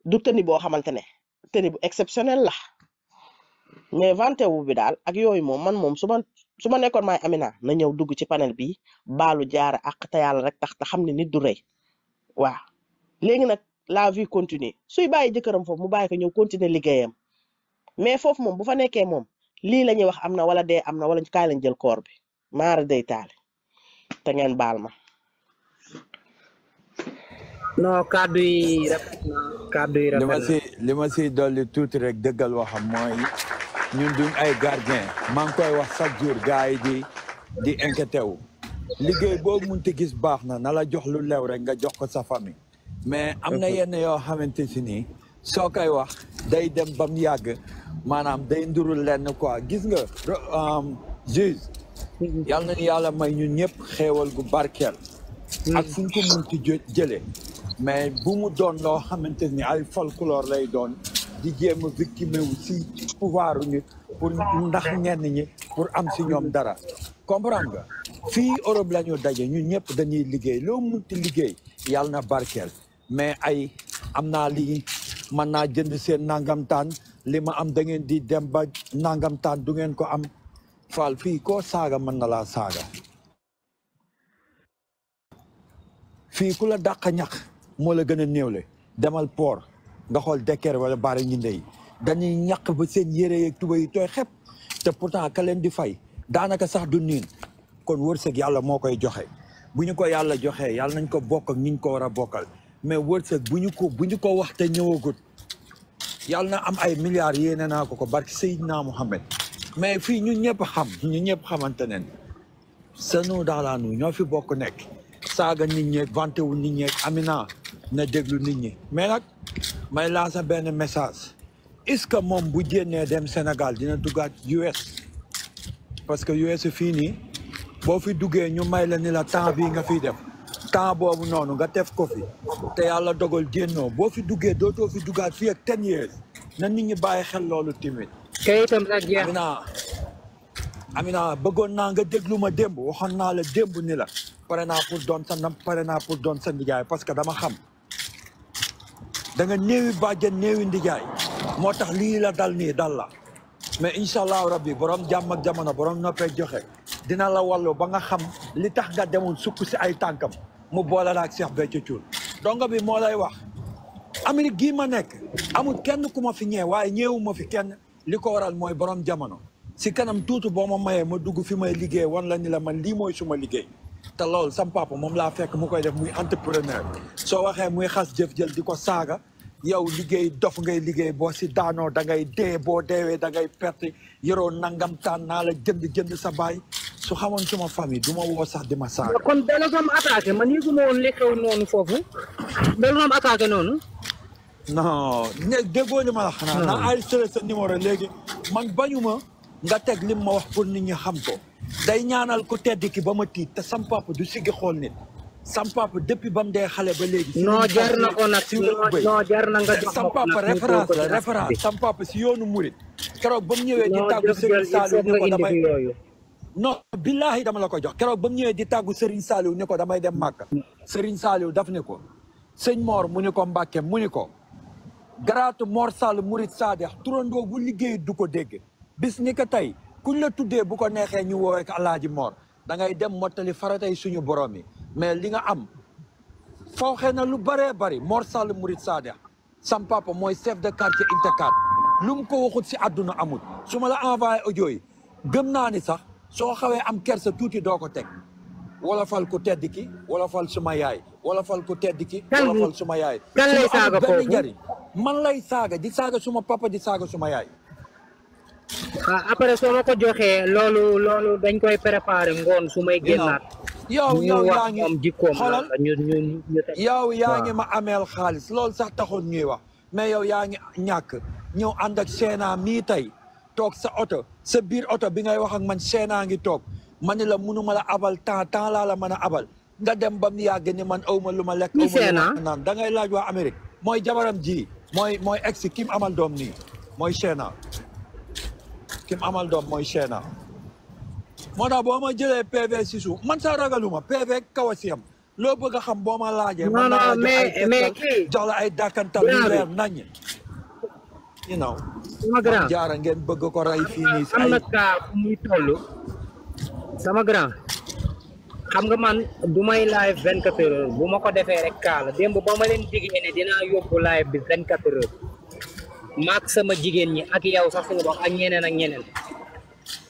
du tenue boo xamante ne tenue bu exceptionnel la. mais vante bi daal ak yooyu moom man moom su ma su ma nekkoon maay Amina na ñëw dugg ci panel bi baalu jaara ak te yàlla rek tax te xam ne nit du rey waaw léegi nag la vie continuer suy bàyyi jëkkëram foofu mu bàyyi ko ñëw continuer liggéeyam mais foofu moom bu fa nekkee moom lii la wax am na wala dee am na wala kaay lañ jël koor bi maara day taal te ngeen baal ma. non kàddu yi rafet ma si li ma si dolli tuuti rek dëggal waxam mooy. ñun duñ ay gardien maa ngi koy wax chaque jour gars yi di di inquiété liggéey liggéey boo munti gis baax na na la jox lu lew rek nga jox ko sa famille mais am na yenn yoo xamante si nii soo koy wax day dem ba mu yàgg maanaam day ndurul lenn quoi gis nga juge yàlla nañu yàlla may ñu ñëpp xéewal gu barkeel ak fu ñu ko jëlee mais bu mu doon loo xamante ni ay folklore lay doon di jéem a victime wu si pouvoir ñu pour ndax ñenn ñi pour am si ñoom dara comprendre nga fii Europe la ñu daje ñun ñëpp dañuy liggéey loo munti liggéey yàlla na barkeel mais ay am naa lii mën jënd seen nangam taan li am da ngeen di dem ba nangam taan du ngeen ko am faal fii koo saaga mën na laa saaga fii ku la dàq ñax la gën a demal port nga xool Dekker wala Baara Ñinde yi dañuy ñàq ba seen yére yeeg tuba yi tooy xep te pourtant ka leen di fay daanaka sax du niin kon war wërsëg yàlla moo koy joxe bu ñu ko yàlla joxee yàlla nañ ko bokk ak ñu ko war a bokkal mais wërsëg bu ñu ko bu ñu ko wax te ñëwagut yàlla na am ay milliards yéene naa ko ko barki Seydina Mohamed mais fii ñun ñëpp xam ñu ñëpp xamante ne sanu daalaanu ñoo fi bokk nekk saaga nit ñeeg vanté wu nit ñeeg Amina na déglu nit ñi mais nag may sa benn message est-ce que moom bu jénnee dem Sénégal dina duggaat US parce que US fii nii boo fi duggee ñu may la ni la temps bii nga fiy def temps boobu noonu nga def ko fi te yàlla dogal jénnoo boo fi duggee dootoo fi duggaat fii ak ten years na nit ñi bàyyi xel loolu timit kayitam sax jeex Amina bëggoon naa nga déglu ma démb waxoon naa la démb ni la pare naa pour doon sa pare naa pour doon sa nijaay parce que dama xam da nga néewi bàjjen néewi ndijaay moo tax lii la dal nii dal la mais incha allahu rabbi borom jàmm ak jamono borom noppee joxe dina la wallu ba nga xam li tax nga demoon sukk si ay tànkam mu boole la ak Cheikh Béthio Thioune dongo bi moo lay wax Amérique gii ma nekk amul kenn ku ma fi ñëw waaye ñëwu ma fi kenn li ko waral mooy borom jamono si kanam tuuti boo ma mayee ma dugg fi may liggéey wan la ni la man lii mooy suma liggéey te loolu sam papa moom laa fekk mu koy def muy entrepreneur soo waxee muy xas jëf-jël di ko saaga yow liggéey dof ngay liggéey boo si daanoo da ngay dee boo deewee da ngay perte yoroo nangam taan naa la jënd jënd sa baay su xamoon suma famille du ma woo sax di ma saaga. kon Bellingham attaqué man yëguma woon li xew noonu foofu Bellingham attaqué noonu. non déggoo li ma la xanaa. naa enregistré sa numéro léegi man bañuma nga teg lim ma wax pour nit ñi xam ko day ñaanal ku tedd ki ba ma tiit te sam papa du siggi xool nit sam papa depuis ba mu dee xale ba léegi. non jar na ko nag si non jar na nga jox sam papa sam papa si yoonu murit ba mu ñëwee di tàggu Serigne Saliou ni ko damay non billahi dama la ko jox keroog ba mu ñëwee di tàggu Serigne Saliou ni ko damay dem Màkka Serigne Saliou daf ne ko sëñ moor mu ni ko Mbàkke mu ni ko garaatu Mor Sall murit Sadex turandoo bu liggéey du ko dégg bis ni ko tey ñu la tuddee bu ko neexee ñu woowee ko Alaaji moor dangay dem mottali faratay suñu borom yi mais li nga am fooxee na lu bëree bëri Mor Sall Murid Sadia sam papa mooy chef de quartier Intecat lu mu ko waxut si àdduna amul su ma la envoyé audio yi naa ni sax soo xawee am kersa tuuti doo ko teg wala fal ku tedd ki wala fal suma yaay wala fal ku tedd ki wala suma yaay kan lay saaga man lay saaga di saaga suma papa di saaga suma yaay Ah, apa soo ma ko joxee loolu loolu dañ koy préparé ngoon su may génnaat. yow ah, yow yaa ngi ñu wax xoolal yow yaa ngi ma ameel xaalis loolu sax taxoon ñuy wax mais yow yaa ngi ñàkk ñëw ànd ak Sena mitai tey toog sa oto sa biir oto bi ngay wax ak man Sena ngi toog ma ne la abal ta ta la la mana abal nga dem ba mu yàgg ni man aw ma lu ma lekk. aw da ngay laaj waa Amérique mooy jabaram ji mooy mooy ex kim amal doom nii mooy Sena ki amal doom moy chena moo tax boo ma jele PV sisu man sa ragaluma PV Kawasiyam lo bëgg xam bo ma laaje non non mais mais ki jola la ay dàkkantal lu leer nañ. you know. sama grand jaar ngeen bëgg ko ray fini amna ka fu muy tollu sama grand. xam nga man du may live 24 quatre heures bu ma ko defee rek kala demb bo ma leen diggee ne dinaa yóbbu live bi 24 quatre heures mak sama jigen ñi ak yow sax sunu bokk ak ñeneen ak ñeneen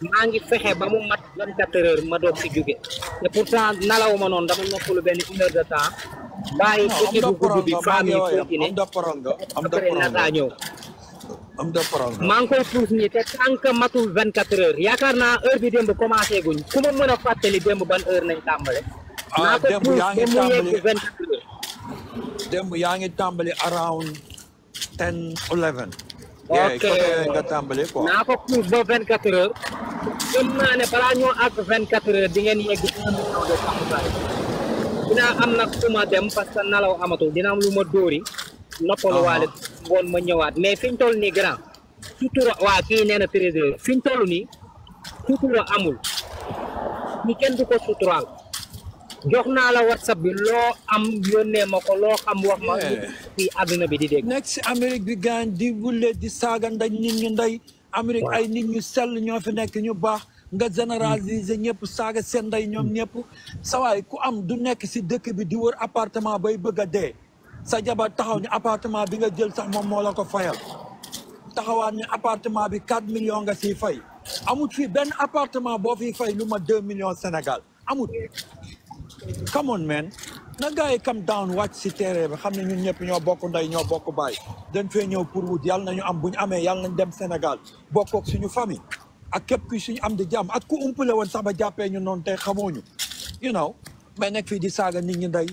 maa ngi fexe ba mu mat 24 heures ma doog fi jóge te pourtant nalawuma noonu dama noppalu benn une heure de temps bàyyi ko ci gudd bi femme yi continuer après nataa ñëw am da parole maa ngi koy puus ni te tant que matul 24 heures yaakaar naa heure bi démb commencé guñ ku ma mën a fàttali démb ban heure nañ tàmbale ah, naa ko puus ba mu 24 heures démb yaa ngi tàmbali around ten eleven. ok nga tàmbalee quoi. naa ko ba vingt quatre heures. gën naa balaa ñoo àgg vingt quatre heures di ngeen yegg un million de Sambaay. dinaa am nag fu dem parce nalaw amatul dina am lu ma dóori. noppaluwaale ngoon ma ñëwaat mais fi tol toll nii grand. sutura waa kii nee na trésor fi ñu toll nii amul. ñu kenn du ko suturaal. jox naa la whatsapp bi loo am yónnee ma ko loo xam wax ma ci àdduna bi di dégg nekk si amérique bi gaañ di wulle di saaga ndañ nit ñu ndey amérique ay nit ñu sell ñoo fi nekk ñu baax nga généraliser ñëpp saaga seen ndey ñoom ñëpp sawaay ku am du nekk si dëkk bi di wër appartement bay bëgg a dee sa jabar taxaw ni appartement bi nga jël sax moom moo la ko fayal taxawaat ni appartement bi 4 millions nga siy fay amut fii benn appartement boo fiy fay lu 2 millions Sénégal amut come on man na gars yi down wàcc si tere bi xam ne ñun ñëpp ñoo bokk ndey ñoo bokk baay dañ fee ñëw pour wut yàlla nañu am bu ñu amee yàlla nañ dem senegal bokkook suñu famille ak képp ku suñu am di jàmm ak ku umpale woon sax ba jàppee ñu noonu tey xamooñu you know mais nekk fii di saaga nit ñi ndey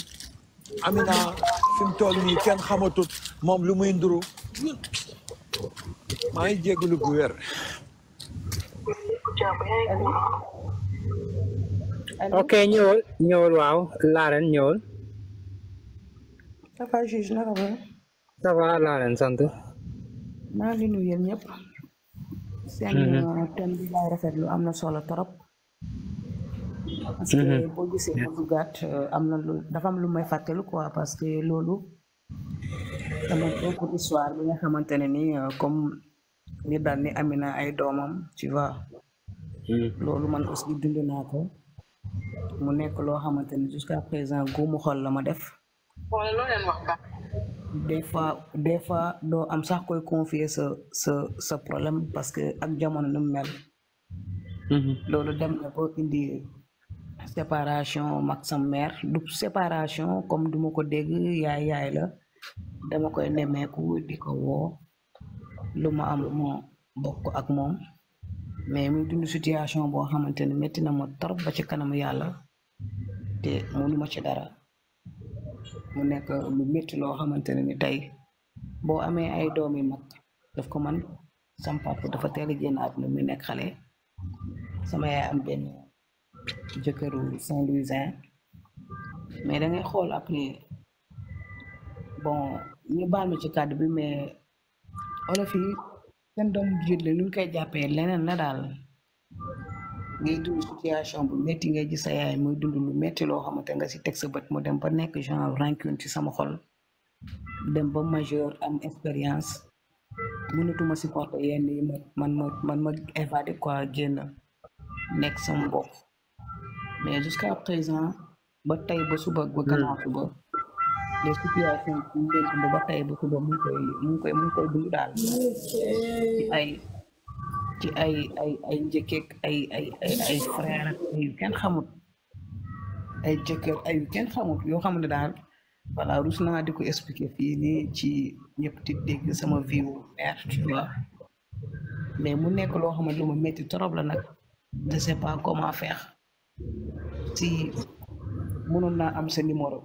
Amina fi mu toll nii kenn xamatut moom lu muy nduru maa ngi jégalu bu wér ok ñëwal ñëwal waaw laaren ñëwal ça va juge naka ba ça va laaren sant maa ngi nuyu yéen ñëpp seen mhm. euh, thème bi laay rafetlu am na solo trop parce que mhm. boo gisee ma dugaat euh, am na lu dafa am lu may fàttelu quoi parce que loolu dama beaucoup d'histoire bi nga xamante ne ni euh, comme ni daal ni Amina ay doomam tu vois mhm. loolu man aussi dund naa ko mu nekk loo xamante ni jusqu'à présent góomu xol la ma def. wala loo fois des fois doo am sax koy confier sa sa sa problème parce que ak jamono nu mel. Mm-hmm. loolu dem na ba indi séparation mag sa mère du séparation comme du ma ko dégg yaay yaay la dama koy nemmeeku di ko woo lu ma am lu ma bokk ak moom. mais mu dund situation boo xamante ne métti na ma trop ba ci kanamu yàlla te mënuma ci dara mu nekk mu métti loo xamante ne ni tey boo amee ay doom yu mag ko man sama papa dafa teel a génn àdduna mu nekk xale sama yaay am benn jëkkëru Saint-Louisin mais da ngay xool après bon ñu baal ma ci kàddu bi kenn julli nuñ kay jappé leneen la dal ngay dund situation ya, bu metti ngay gis sa moy dund lu metti lo xamanté nga ci tek sa bëtt mo dem ba nek genre rancune ci sama xol dem ba majeur am um, expérience mënatuma supporter yenn ya, yi ma man ma man ma évader quoi génn nek sama bopp mais jusqu'à présent ba tay ba suba ba gannaaw suba les situations yi ñu leen koy mu koy mu daal ay ci ay ay ay ay ay ay ay xamut ay xamut yoo xam ne daal voilà rus naa di ko expliquer fii nii ci ñëpp di dégg sama vie mais mu nekk loo xam ne lu trop la nag je sais pas comment faire si mënoon naa am sa numéro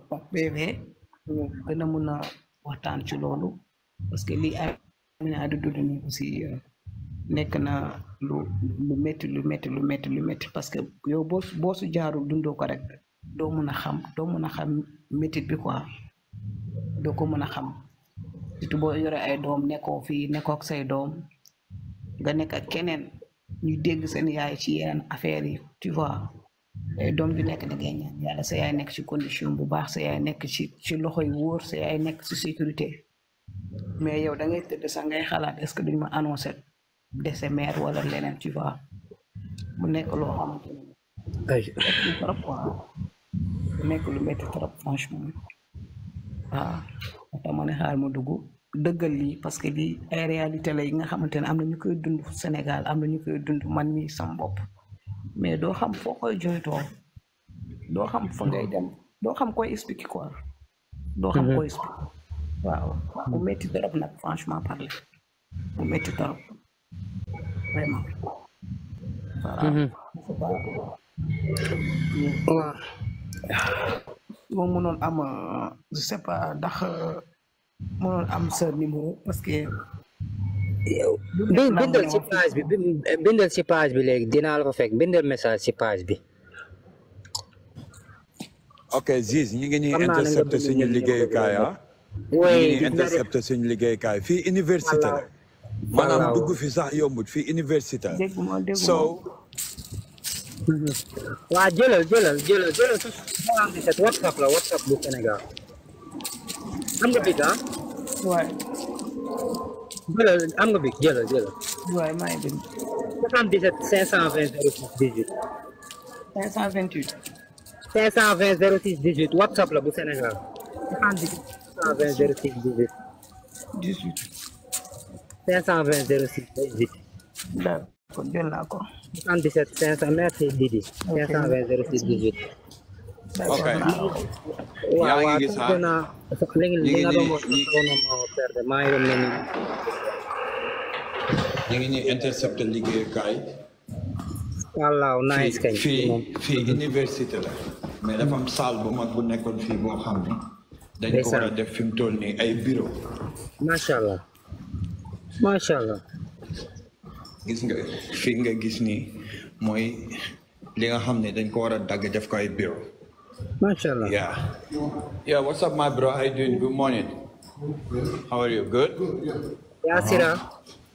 ñu gën a mun a waxtaan ci loolu parce que lii ay ay di dund aussi euh, nekk na lu lu métti lu métti lu métti lu métti parce que yow boo boo dundoo ko rek doo mun a xam doo mun a xam métit bi quoi doo ko mun a xam surtout boo ay doom nekkoo fii nekkoo ak say doom nga nekk ak keneen ñu dégg seen yaay ci yeneen affaire yi tu Eh, doom ju nekk da ngay ñaan yàlla sa yaay nekk ci condition bu baax sa yaay nekk ci ci loxo yu wóor sa yaay nekk ci sécurité mais yow da ngay tëdd sax ngay xalaat es ce que duñ ma annoncé décès mère wala leneen tu vois mu nekk loo xamante ne mu lu métti trop franchement waaw ah, ata ne xaar ma dugg dëggal lii parce que lii ay réalité la yi nga xamante ne am na ñu koy dund Sénégal am na ñu koy dund man mii sama bopp mais doo xam foo koy jooytoo doo xam fo ngay dem doo xam koy expliqué quoi doo xam koy expliqué waaw mu métti trop nag franchement parler mu métti trop vraiment waaw moom mënoon am euh, je sais pas dax euh, mënoon am sa numéro parce que بين بندر نعم. سيباز بندر سيباز بليك دينار رفيق بندر مثال سيباز بي اوكي زيز نيجي انترسبت سيني لجاي كايا وي انترسبت سيني لجاي كايا في انيفرسيتي مانام دوغو في صح يومود في انيفرسيتي سو وا جلال جلال جلال جلال واتساب لا واتساب بو سنغال عندك بيتا واي jëlal am nga bi jëlal jëlal. waaye maa ngi dem. 77 520 06 18. 528. 520 06 18 WhatsApp la bu Sénégal. 77 520 06 18. 18. 520 06 18. d'accord jël naa ko. 77 500 merci Didi. 520 06 18. ok yaa ngi gis ah léegi li nga doon wax perte maa ngi doon mel ni. ñu ngi ñuy intercepté liggéeyukaay. wallaaw nice université la. mais dafa am salle bu mag bu nekkoon fii boo xam ne. dañ ko war a def fi mu toll nii ay bureau. macha allah macha allah. gis nga fii nga gis nii mooy li nga xam ne dañ ko war a dagg def ko ay bureau. MashaAllah. Yeah. Yeah, what's up, my bro? How you doing? Good morning. How are you? Good? Yeah, uh-huh. sir. Uh -huh.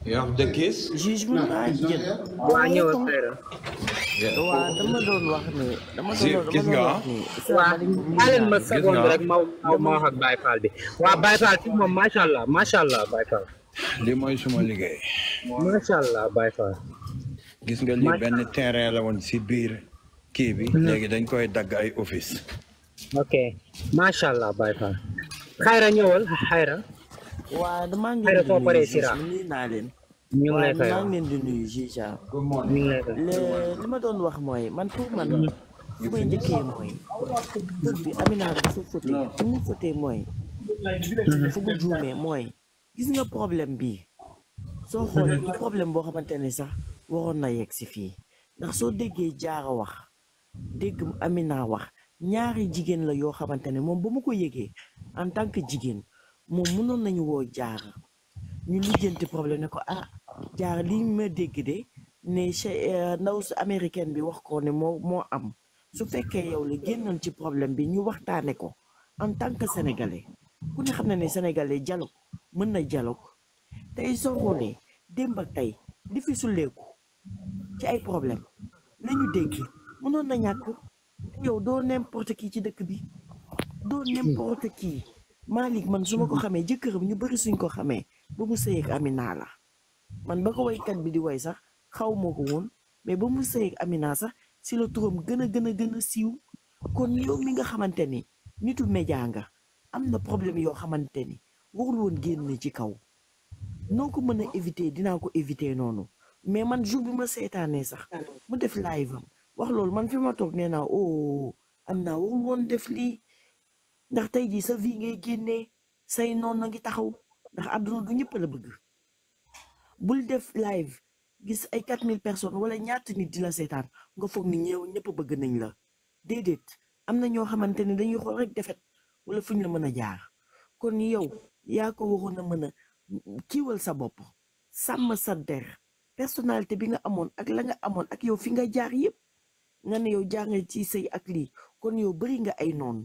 You have the kiss? waa ñëw ak tey la. waaw dama doon wax ni. dama doon wax gis nga ah. waaw ma seconde rek ma ma wax ak Baye Fall bi waaw Baye Fall fii moom macha allah macha allah Baye Fall. lii mooy suma liggéey. macha allah Baye Fall. gis nga lii benn terrain la woon si biir. kii bi mm-hmm. léegi dañ koy dagg ay office ok macha allah Baye Fall xayra ñëwal xayra waaw damaa ngi leen di nuyu naa leen ñu ngi leen di nuyu Jija li ma doon wax mooy man pour man fu mm-hmm. may njëkkee mooy Amina mm-hmm. dafa fóote su mu fóote mooy fu mu juumee gis nga problème bi soo xoolee problème boo xamante ne sax waroon na yegg si fii ndax soo déggee jaara wax dégg naa wax ñaari jigéen la yoo xamante ne moom ba mu ko yéegee en tant que jigéen moom mënoon nañu woo jaara ñu lijjanti problème ne ko ah jaar li ma dégg de ne euh, ndaw su américain bi wax ko ne moo moo am su fekkee yow la génnoon ci problème bi ñu waxtaane ko en tant que sénégalais ku ne xam na ne sénégalais dialogue mën na dialogue tey soo démb ak tey di fi sulleeku ci ay problème lañu dégg mënoon na ñàkk yow doo n'importe kii ci dëkk bi doo kii hmm. qui Malick man su ma ko hmm. xamee jëkkëram ñu bëri suñ ko xamee ba mu sëyeeg Amina la man ba ko bi di way sax xaw ko woon mais ba mu sëyeeg Amina sax si la turam gën a gën a gën a siiw kon yow mi nga xamante ni nitu média nga am na problème yoo xamante ni warul woon génn ci kaw noo ko mën a éviter dinaa ko éviter noonu mais man jour bi ma seetaanee sax mu def live am wax loolu man fi ma toog nee naa o oh, am naa warul woon def lii ndax tey jii sa vie ngay génnee say noon na ngi taxaw ndax àdduna du ñëpp la bëgg bul def live gis ay 4000 personnes wala ñaata nit di la seetaan nga foog ni ñëw ñëpp bëgg nañ la déedéet am na ñoo xamante ne dañuy xool rek defet wala fuñ la mën a jaar kon yow yaa ko waroon a mën a kiiwal sa bopp sàmm sa der personnalité bi nga amoon ak la nga amoon ak yow fi nga jaar yëpp nga ne yow jaar ci sëy ak lii kon yow bëri nga ay noonu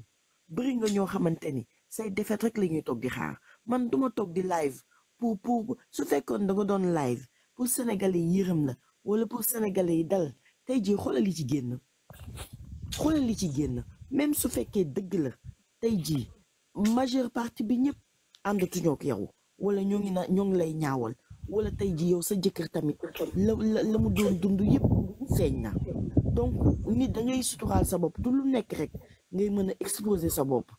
bëri nga ñoo xamante ni say defet rek la ñuy toog di xaar man duma toog di live pour pour su fekkoon da doon live pour sénégalais yi yërëm la wala pour sénégalais yi dal tey jii xoolal li ci génn xoolal li ci génn même su fekkee dëgg la tey jii majeure partie bi ñëpp àndatuñoo ak yow wala ñoo ngi na ñoo ngi lay ñaawal wala tey jii yow sa jëkkër tamit la la la mu doon dund yëpp feeñ na donc nit da ngay suturaal sa bop du lu nek rek ngay meuna exposer sa bop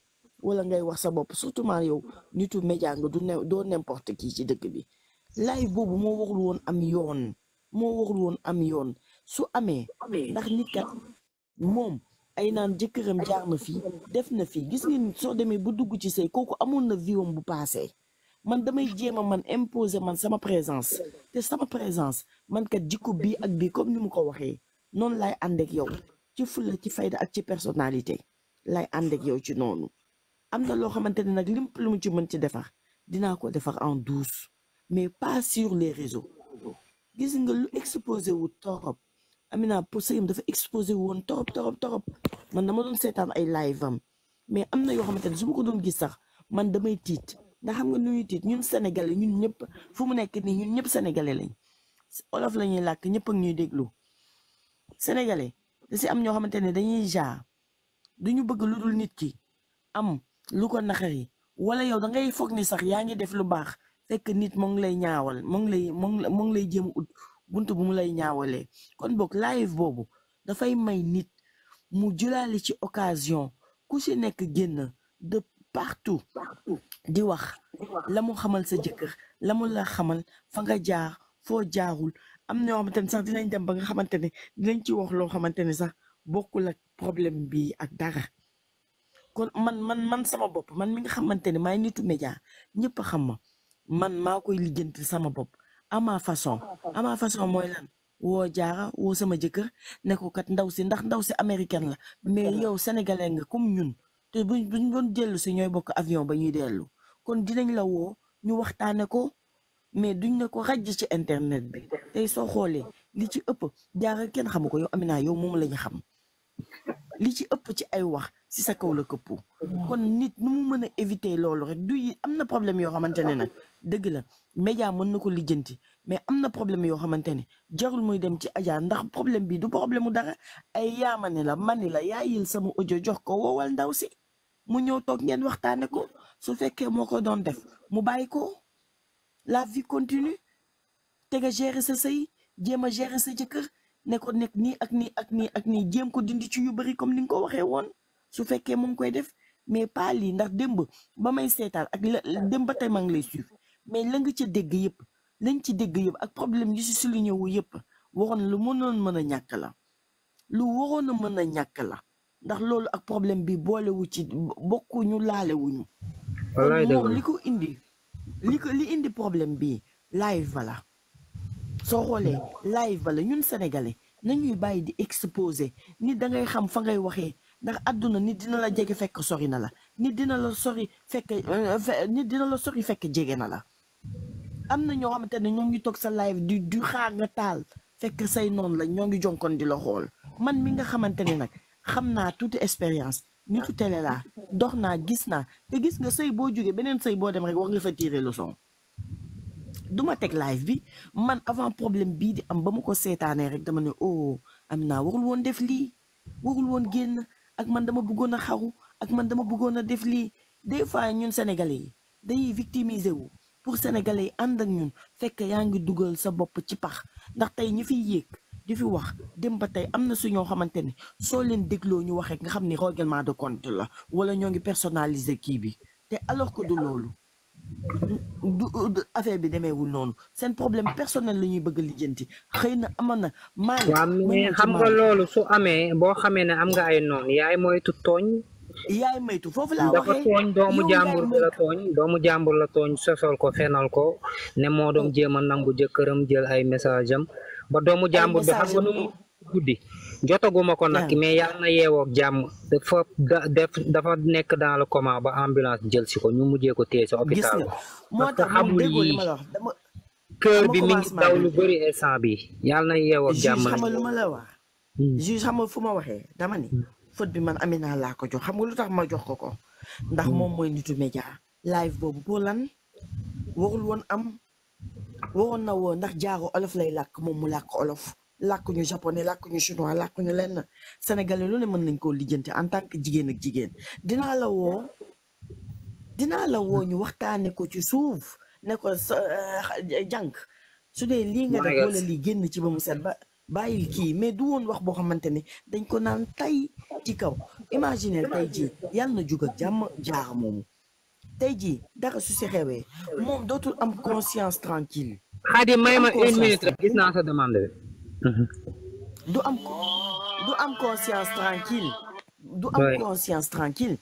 wala ngay wax sa bop surtout ma yow nitu media nga du ne n'importe qui ci deug bi live bobu mo warul won am yoon mo warul won am yoon su amé ndax nit kat mom ay nan jëkkëram jaar na fii def na fii gis ngeen so demee bu dugg ci sey koku amon na viwam bu passé man damay jéem man imposer man sama présence té sama présence man kat jikko bi ak bi comme ni mu ko waxé non lay ànd ak yow ci fulla ci fayda ak ci personnalité lay ànd ak yow ci noonu amna lo loo nak ne limp lu ci mën ci defar dina ko defar en douce mais pas sur les réseaux gis nga lu exposé wu torop Amina pour sëyam dafa exposé wu woon torop torop torop man dama doon seetaan ay live am mais amna yo yoo su ko doon gis sax man damay tit ndax xam nga nuyu tit ñun sénégalais ñun ñëpp fu mu nekk nii ñun ñëpp sénégalais lañ olof lañuy ñuy làkk ñëpp ak ñuy déglu sénégalais da si am ñoo xamante ne dañuy jaar duñu bëgg lu dul nit ki am lu ko naqari wala yow dangay ngay ni sax yaa ngi def lu baax sekk nit moo ngi lay ñaawal moo ngi lay moo ngi lay jéem ut bunt bu mu lay ñaawalee kon boog live boobu dafay may nit mu julaale ci occasion ku si nekk génn de partout di wax la mu xamal sa jëkkër la mu la xamal fa nga jaar foo jaarul am na ñoo xamante ne sax dinañ dem ba nga xamante ne dinañ ci wax loo xamante ni sax bokkul ak problème bi ak dara kon man man man sama bopp man mi nga xamante ne maay nitu média ñëpp a xam ma man maa koy lijjanti sama bopp ama façon ama façon mooy lan woo jaara woo sama jëkkër ne ko ndaw si ndax ndaw si américaine la mais yow sénégalais nga comme ñun te buñ buñ doon dellu si ñooy bokk avion ba ñuy dellu kon dinañ la woo ñu waxtaane ko mais duñ ne ko ràjj ci internet bi tey soo xoolee li ci ëpp jaar kenn xamu ko yow Amina yow moom la ñu xam li ci ëpp ci ay wax si sa kaw la këppu kon nit nu mu mën a éviter loolu rek du yi am na problème yoo xamante ne nag dëgg la média mën na ko lijjanti mais am na problème yoo xamante ne jarul muy dem ci Adja ndax problème bi du problème mu dara ay yaama ne la ni la yaa yil sama audio jox ko woowal ndaw si mu ñëw toog ngeen waxtaane ko su fekkee moo ko doon def mu bàyyi ko la vie continue te nga gérer sa sëy jéem a gérer sa jëkkër ne ko nekk nii ak nii ak nii ak nii jéem ko dindi ci ñu bëri comme li nga ko waxee woon su fekkee mu ngi koy def mais pas lii ndax démb ba may seetaan ak la démb ba tey maa ngi lay suivre mais la nga ca dégg yëpp lañ ci dégg yëpp ak problème yi si souligné wu yëpp waroon lu mënoon mën a ñàkk la lu waxoon a mën a ñàkk la ndax loolu ak problème bi boolewu ci bokkuñu laalewuñu moom li ko indi li ko li indi problème bii live ba soo xoolee live ba ñun sénégalais nañuy bàyyi di exposé nit da ngay xam fa ngay waxee ndax àdduna nit dina la jege fekk sori na la nit dina la sori fekk euh, dina la sori fekk jege na la am na ñoo xamante ne ñoo ngi toog sa live di du xaar nga taal fekk say noonu la ñoo ngi jonkoon di la xool man mi nga xamante ne nag xam naa tuuti expérience ñu là, télé là gis te gis nga un dem rek son. nga ma live bi man avant problème bi, di am ba rek dama né oh Nous warul won def li, warul won ak man dama xaru ak man dama def li. des fois ñun sénégalais yi victimiser wu pour sénégalais yi ak ñun fekk nous sa bop ci pax ndax tay ñi di fi wax dem ba tey am na su ñoo xamante ne soo leen dégloo ñu waxee nga xam ni règlement de compte la wala ñoo ngi personnaliser kii bi te alors que du loolu du affaire bi demeewul noonu seen problème personnel la ñuy bëgg lijjanti xëy na amoon na. maanaam waaw xam nga loolu su amee boo xamee ne am nga ay noonu yaay moytu tooñ. yaay maytu foofu laa waxee dafa tooñ doomu jàmbur la tooñ doomu jàmbur la tooñ sosol ko fenal ko ne moo doon oh. jéem a nangu jëkkëram jël ay message am. ba doomu jàmbur bi xam nga nu jotaguma ko nag mais yàlla na yeewoo ak jàmm dafa def dafa nekk dans le coma ba ambulance jël si ko ñu mujjee ko téye si hôpital parce que xamul yi kër bi mi ngi daw lu bëri instant bi yàlla na yeewoo ak jàmm lu ma la wax hmm. juge xam fu ma waxee dama ni hmm. faute bi man Amina laa ko jox xam nga lu tax ma jox ko ko ndax hmm. moom mooy nitu média live boobu boo lan warul woon am waroon na ndax olof lay làkk olof ñu japonais ñu chinois ñu lenn sénégalais lu ne mën nañ koo en tant que ak la woo dinaa la woo ñu ne ko euh, jànk su dee lii nga génn ci ba mais du woon wax boo xamante ne dañ ko naan tay ci kaw imaginer tay ji yàlla na jug ak jàmm jaara moomu conscience tranquille xaadi may ma une minute rek gis naa sa demande bi. Mhm. du am du conscience tranquille du am conscience tranquille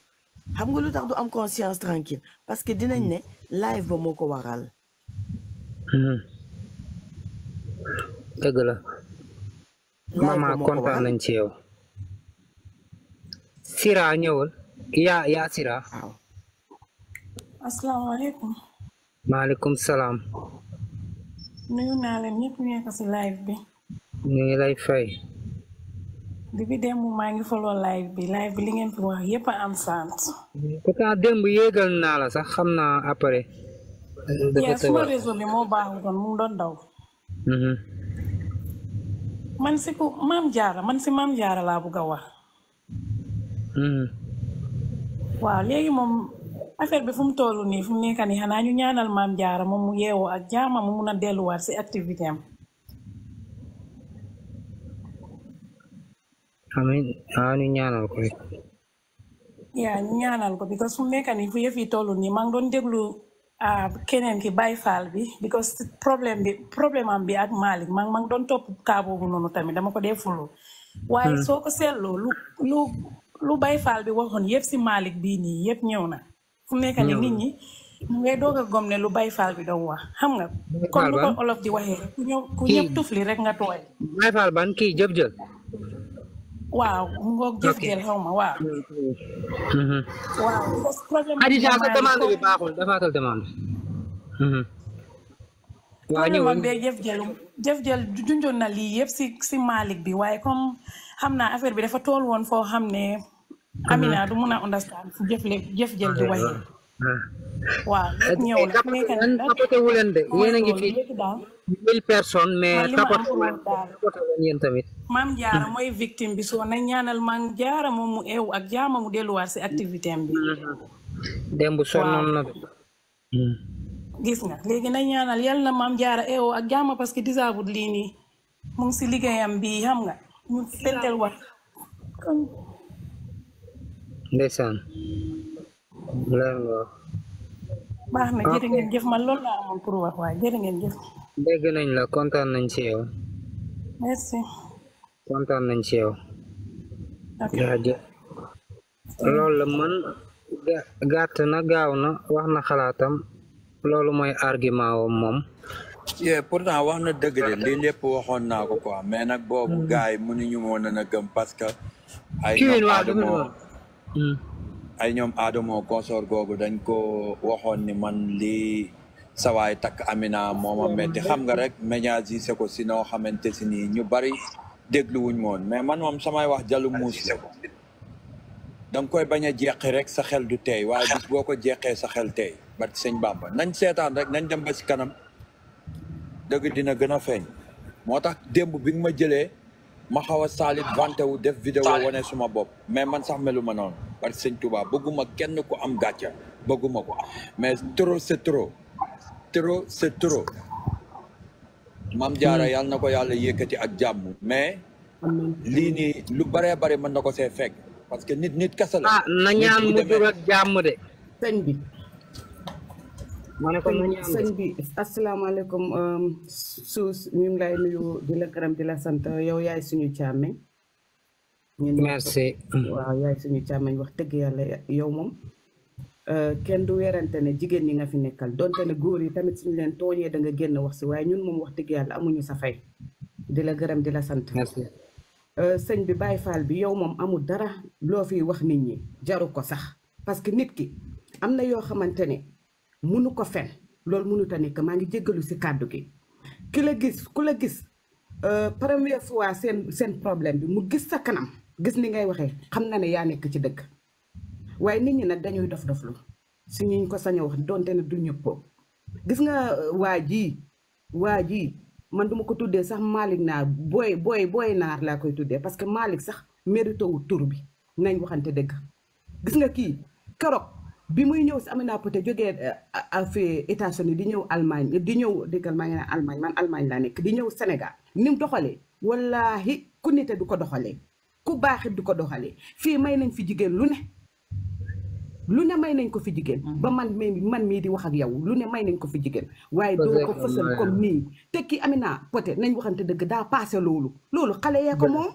xam nga lu tax du am conscience tranquille parce que dinañ mm. ne live ba moo ko waral. Mhm. dëgg la. mama kontaan nañ ci yow. Sira ñëwal. yaa yaa Sira. asalaamaaleykum. maaleykum salaam. nuyu naa leen ñëpp ñu nekk si live bi. ñu ngi lay fay. depuis démb maa ngi follow live bi live bi li ngeen fi wax yëpp a am sant. pourtant démb yéegal naa la sax xam naa après. yaa suma réseau bi moo baaxul kon doon daw. Mm-hmm. man si maam jaara man si maam jaara laa bëgg a wax. Mm-hmm. waaw léegi moom. affaire bi fu mu toll nii fu mu nekk nii xanaa ñu ñaanal maam jaara moom mu yeewoo ak jaama mu mun a delluwaat si activité am. amiin ah ñu ñaanal ko rek. yaa ñu ñaanal ko because fu mu nekk nii fu yëf yi nii maa ngi doon déglu keneen ki Baye Fall bi because problème bi problème bi ak Malick maa ngi doon topp kaa boobu noonu tamit dama ko dee fulu hmm. waaye soo ko seetloo lu lu lu Baye Fall bi waxoon yëpp si Malick bii nii yëpp ñëw na. fu nekk ni nit ñi mu ngay doog a gom ne lu Baye Fall bi doon wax xam nga. kon lu ko olof di waxee ku ñëw tufli rek nga tooy. Baye Fall ban kii jëf jël. waaw ngoog jëf jël xaw na lii yëpp si si Malick bi waaye comme xam naa affaire bi dafa tool woon foo xam ne. Amina du mun a understand fu jëf le jëf jël di waxe ah. waaw lépp eh, ñëw eh, na fu nekk na tapote wu leen de yéen a ngi fi mille personnes mais tapote wu leen yéen tamit maam jaara mooy victime bi soo na ñaanal maam jaara moom mu eew ak jaama mu delluwaat si activité am bi mm-hmm. démb sonnoon na gis nga léegi na ñaanal yal na maam jaara eew ak jaama parce que disaabut lii nii mu ngi si liggéeyam bi xam nga ñu fentel wax ndeysaan leer nga wax baax na jërë ngeen jëf man loolu laa amoon pour wax waaye jërë ngeen jëf dégg nañ la kontaan nañ ci yow merci kontaan nañ ci yow jaajëf loolu la man gàtt na gaaw na wax na xalaatam loolu mooy argument wam moom ye pourtant wax na dëgg de lii lépp waxoon naa ko quoi mais nag boobu gars yi mënuñu woon na gëm parce que ay Mm. ay ñoom Adamo consort googu dañ ko waxoon ni man lii sawaay takk Amina mooma metti xam nga rek médias ko si noo xamante si nii ñu bari dégluwuñ moon mais man moom samay wax jalu muus la da nga koy bañ a jeqi rek sa xel du teey waaye bis boo ko jeexee sa xel teey bat sëñ Bamba nañ seetaan rek nañ dem ba si kanam dëgg dina gën a feeñ moo tax démb bi nga ma jëlee ma xaw a saalit wante wu def vidéo wane suma bopp mais man sax melu ma noonu par sëñ Touba bëgguma kenn ku am gàcca bëgguma ko mais trop c'est trop trop c'est trop maam jaara hmm. yàlla na ko yàlla yëkkati ak jàmm mais lii nii lu baree bari mën na ko see fekk parce que nit nit kese la ah na ñaan mu ak jàmm de sëñ bi ma ne ko na ñaan euh, suus ñu lay nuyu di la gërëm di la sant yow yaay suñu càmme merci waaw yaay suñu càmmañ wax dëgg yàlla yow moom euh, kenn du weerante ne jigéen ñi nga fi nekkal donte ne góor yi tamit suñu leen tooñee da nga génn wax si waaye ñun moom wax dëgg yàlla amuñu sa fay di la gërëm di la sant euh, sëñ bi Baye Fall bi yow moom amul dara loo fi wax nit ñi jaru ko sax parce que nit ki am na yoo xamante ne munu ko fen loolu mënut a nekk maa ngi jéggalu si kàddu gi ki la gis ku la gis euh, première fois seen seen problème bi mu gis sa kanam gis ni ngay waxee xam na ne yaa nekk ci dëkk waaye nit ñi nag dañuy dof doflu si ñu ko sañ a doon donte ne du ñëpp gis nga euh, waa jii waa jii man duma ko tuddee sax Malick naar booy booy booy naar laa koy tuddee parce que Malick sax mérité wu tur bi nañ waxante dëgg gis nga kii keroog bi muy ñëw si Amina Poté jógee euh, fi États-Unis di ñëw Allemagne di ñëw déggal maa ngi naan Allemagne man Allemagne laa nekk di ñëw Sénégal ni mu doxalee wallaahi ku nite du ko doxalee ku baaxit di ko doxalee fii may nañ fi jigéen lu ne lu ne may nañ ko fi jigéen mm-hmm. ba man ma man mii di wax ak yow lu ne may nañ ko fi jigéen waaye doo ko fësal comme nii te kii Amina Poté nañ waxante dëgg daa passé loolu loolu xale yee ko moom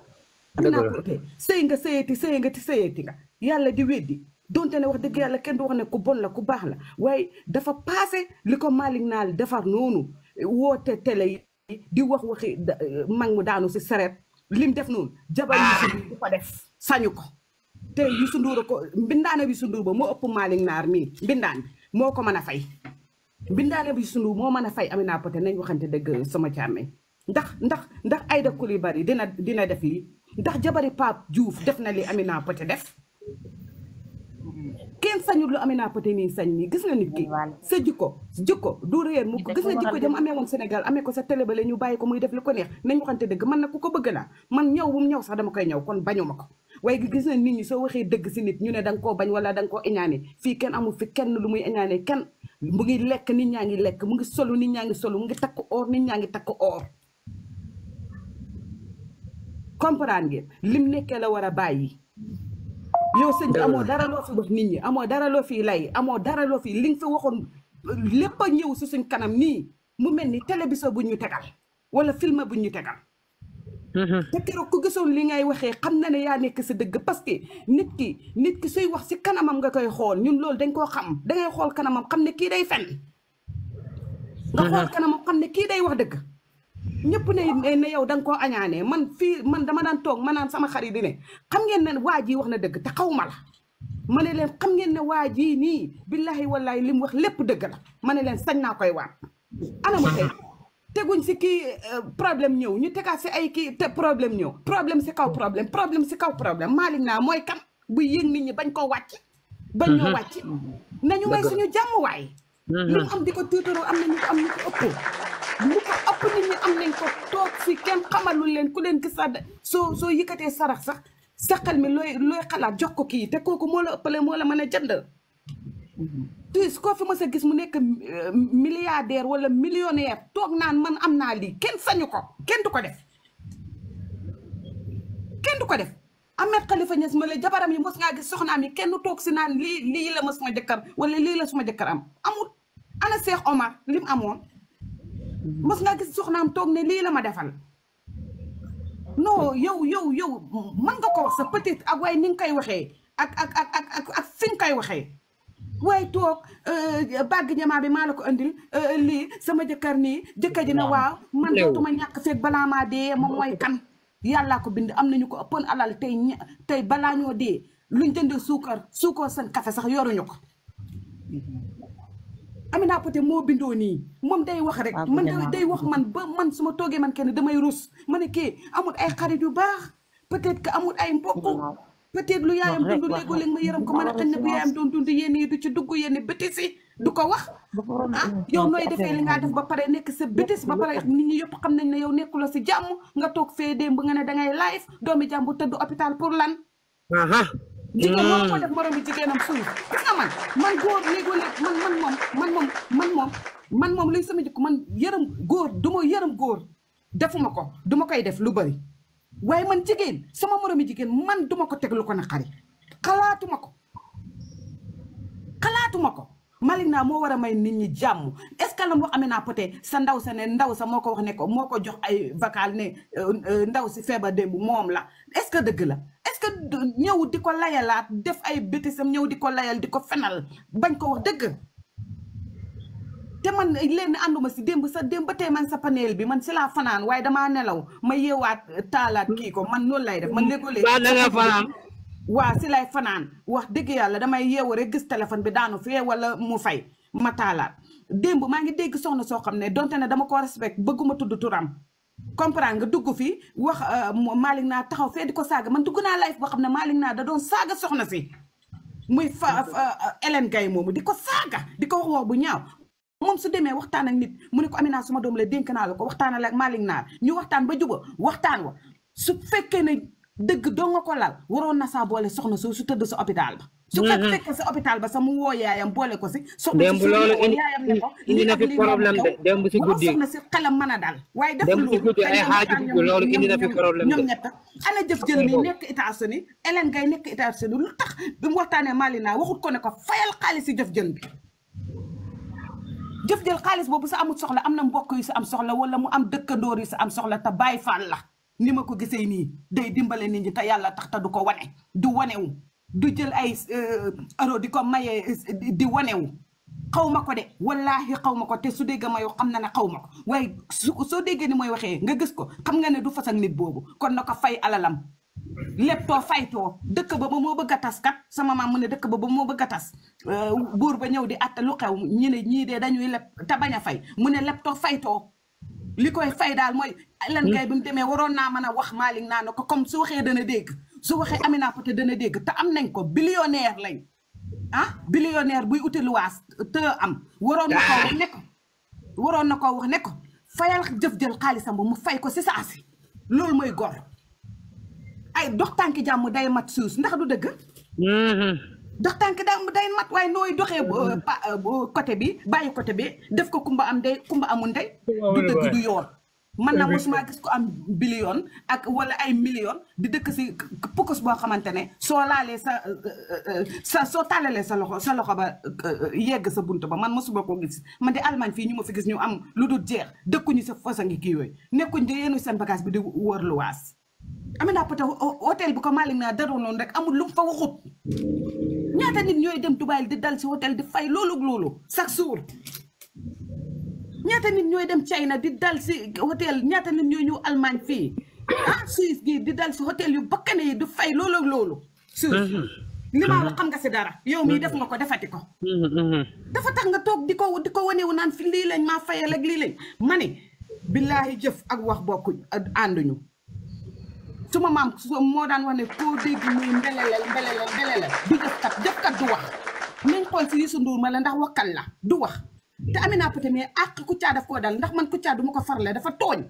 Amina Poté sëy nga sëyati sëy nga ti sëyati nga yàlla di weddi donte ne wax dëgg yàlla kenn du wax ne ku bon la ku baax la waaye dafa passé li ko Malick Naal defar noonu woote télé yi di wax waxi mag mu daanu si sareet lim def noonu jabar Youssou Ndour ko def sañu te Youssou Ndour ko mbindaane bi Youssou Ndour ba moo ëpp Malick Naar mii mbindaan bi moo ko mën a fay mbindaane bi Youssou Ndour moo mën a fay Amina Poté nañ waxante dëgg sama càmmee ndax ndax ndax Aïda Coulibaly dina dina def lii ndax jabari Pape Diouf def na li Amina Poté def kenn sañul lu Amina Poté nii sañ nii gis nga nit ki sa jikko jikko du réer mu gis nga jikko jam amee moom Sénégal amee ko sa télé ba ñu bàyyi ko muy def lu ko neex nañ waxante dëgg man na ko ko bëgg laa man ñëw bu mu ñëw sax dama koy ñëw kon bañu ma ko waaye gi gis na nit ñi soo waxee dëgg si nit ñu ne da nga koo bañ wala da nga koo iñaane fii kenn amul fi kenn lu muy iñaane kenn mu ngi lekk ni ñaa ngi lekk mu ngi solu nit ñaa ngi solu mu ngi takk or nit ñaa ngi takk or comprendre ngeen lim nekkee la war a bàyyi yow sëñ amoo dara loo fi nit ñi amoo dara loo fi lay amoo dara loo li nga fi waxoon lépp a ñëw si suñ kanam nii mu mel ni télévision bu ñu tegal wala film bu ñu tegal. Mm-hmm. te keroog ku gisoon li ngay waxee xam na ne yaa nekk si parce que nit ki nit ki suy wax si kanamam nga koy xool ñun loolu dañ koo xam dangay xool kanamam xam ne kii day fen nga xool mm-hmm. kanamam xam ne kii day wax dëgg. ñëpp ne eh, ne yow da nga koo añaanee man fii man dama daan toog ma naan sama xarit di ne xam ngeen ne waa jii wax na dëgg te xaw ma ne leen xam ngeen ne waa jii nii billahi wallahi li mu wax lépp dëgg la ma ne leen sañ naa koy waat anama tey teguñ si kii eh, problème ñëw ñu tegaat si ay kii te problème ñëw problème si kaw problème problème si kaw problème Malick naa mooy kan bu yëg nit ñi bañ koo wàcc bañ ñoo mhm. wàcc nañu may suñu jàmm waay ñu mm-hmm. xam di ko tiitaroo am nañu ko am ñu ko ëpp lu ëpp nit ñi am nañ ko toog fi kenn xamalul leen ku leen gis soo soo yëkkatee sarax sax sa xel mi looy looy xalaat jox ko kii te kooku moo la ëppale moo la mën a jënd mm-hmm. tuis koo fi mës a gis mu nekk euh, milliardaire wala millionnaire toog naan man am naa lii kenn sañu ko kenn du ko def kenn du ko def Ahmed Khalifa Niass ma la jabaram yi mos ngaa gis soxnaam yi kenn toog si naan lii la ma suma jëkkër wala lii la suma jëkkër am amul ana Cheikh Omar li amoon mos ngaa gis soxnaam toog ne lii la ma defal non yow yow yow mën nga ko wax sa peut-être ak waaye ni nga koy waxee ak ak ak ak ak fi nga koy waxee waaye toog euh, bàgg jamaa bi maa la ko andil euh, lii sama jëkkër nii jëkkër ji na waaw man dootuma ñàkk feeg balaa maa dee moom mooy kan yàllaa ko bind am nañu ko ëppoon alal tey tey balaa ñoo dee luñ jëndee suukar suukar seen café sax yoruñu ko. Amina Poté moo bindoo nii moom day wax rek. man day wax man ba man su ma toogee man kenn damay rus ma ne kii amul ay xarit yu baax peut-être que amul ay mbokk. peut-être lu yaayam dund léegoo léeg ma yaram ko mën a xëy na bu yaayam doon dund yenn du ci dugg yenn bétis yi du ko wax ah yow nooy defee li nga def ba pare nekk sa bétis ba pare nit ñi yëpp xam nañ ne yow nekkuloo si jàmm nga toog fee démb nga ne da ngay live doomi jàmbu tëdd hôpital pour lan jigéen moom moo hmm. def moromu jigéenam suñu gis nga man man góor léegoo léeg man man moom man moom man moom man moom luy sama jikko man yaram góor du ma góor defuma ko du ma koy def lu bëri waaye man jigéen sama moromi jigéen man duma ko teg lu ko naqari xalaatuma ko xalaatuma ko Malina moo war a may nit ñi jàmm est ce que la mu wax amee naa peut-être sa ndaw sa ne ndaw sa moo ko wax ne ko moo ko jox ay vocal ne euh, ndaw si feebar démb moom la est ce que dëgg la est ce que ñëw di ko layalaat def ay bétisam ñëw di ko layal di ko fenal bañ ko wax dëgg te man eh, leen ànduma si démb sa démb ba tey man sa panel bi man si laa fanaan waaye damaa nelaw ma yeewaat eh, taalaat kii ko man loolu lay def man léegoo léegi. waaw da nga fanaan. waa si lay fanaan wax dëgg yàlla damay yeewu rek gis téléphone bi daanu fee wala mu fay ma taalaat démb maa ngi dégg soxna soo xam ne donte ne dama ko respect bëgguma tudd turam. comprendre nga dugg fi wax eh, Malick naa taxaw fee di ko saaga man dugg naa live boo xam ne Malick naa da doon saaga soxna si. muy fa Hélène Gaye moomu di ko saaga di ko ñaaw mom su deme waxtaan ak nit mu ne ko Amina suma dom la dénk na la ko waxtaanal ak malik nar ñu waxtaan ba juba waxtaan wa su fekkee ne deug do nga ko lal waroon na sa bolé soxna su su teud su hôpital ba. su fekkee sa hôpital ba sa mu wo yaayam bolé ko ci soxna si yaayam ne ko indi na fi problème de dembu ci guddi soxna ci xalam mana dal. waaye def lu loolu ay xaaju lolu indi na fi problème ñom ñoom ñett ana jëf jël ni nek état sene elen gay nek état sene lu tax bimu mu malina waxut ko ne ko fayal xaalis si jëf jël bi. jëf jël xaalis boobu sa amul soxla am na mbokk yu sa am soxla wala mu am dëkkandoor yu sa am soxla te bàyyi fan la ni ma ko gisee nii day dimbale nii ñi te yàlla tax te du ko wane du wanewu du jël ay aro euh, di ko maye di wanewu xaw ma ko de wallaahi xaw ma ko te su dégg mayu xam na ne xaw ma ko waaye su soo déggee ni mooy waxee nga gis ko xam nga ne du façon nit boobu kon na ko fay alalam lépp too faytoo dëkk ba ba moo bëgg a tas kat sama maam mu ne dëkk ba ba moo bëgg a tas euh, buur ba ñëw di atta lu xew ñu ne ñii dee dañuy leb te bañ a fay mu ne too faytoo li koy fay daal mooy lan kay bi mu demee waroon naa mën a wax Malick naa ne ko comme su waxee dana dégg su waxee Amina Poté dana dégg te am nañ ko billionnaire lañ ah billionaire buy uti luwaas te am waroon na ko wax ne ko waroon na ko wax ne fayal jëf jël xaalisam ba mu fay ko si saasi loolu mooy góor ay dox tànk jàmm day mat suus ndax du dëgg. Mm-hmm. dox tànk jàmm day mat waaye nooy doxee côté bi bàyyi côté bi def ko kumba am ndey kumba amul ndey. du dëgg man na mosuma gis ko am billion ak wala ay million di dëkk si pukus boo xamante ne soo laalee sa sa soo tàllalee sa loxo sa loxo ba yegg sa bunt ba man mosuma ko gis man de Allemagne fii ñu ma fi gis ñu am lu dul jeex dëkkuñu sa façon ngi kii yooyu nekkuñ di yeenu seen bagage bi di wër waas Amina Poté hôtel bi ko Malick naa daru noonu rek amul lu mu fa waxut ñaata nit ñooy dem Dubaï di dal si hôtel di fay loolu loolu chaque jour ñaata nit ñooy dem China di dal si hôtel nit ñooy ñëw Allemagne fii ah gi di dal si yu bakkane yi di fay loolu loolu suuf mm-hmm. mm-hmm. xam nga si dara yow mii def nga ko defati ko mm-hmm. dafa tax nga toog di ko di ko wanewu naan fi lii lañ maa fayal ak lii lañ ma ne jëf ak wax bokkuñ ànduñu suma maam moo daan wax ne koo dégg muy mbelelel mbelelel mbelelel di jëfkat jëfkat du wax nañ xool si Youssou Ndour ma la ndax wakkan la du wax te Amina Poté mais àq Kouthia daf koo dal ndax man Kouthia du ko farle dafa tooñ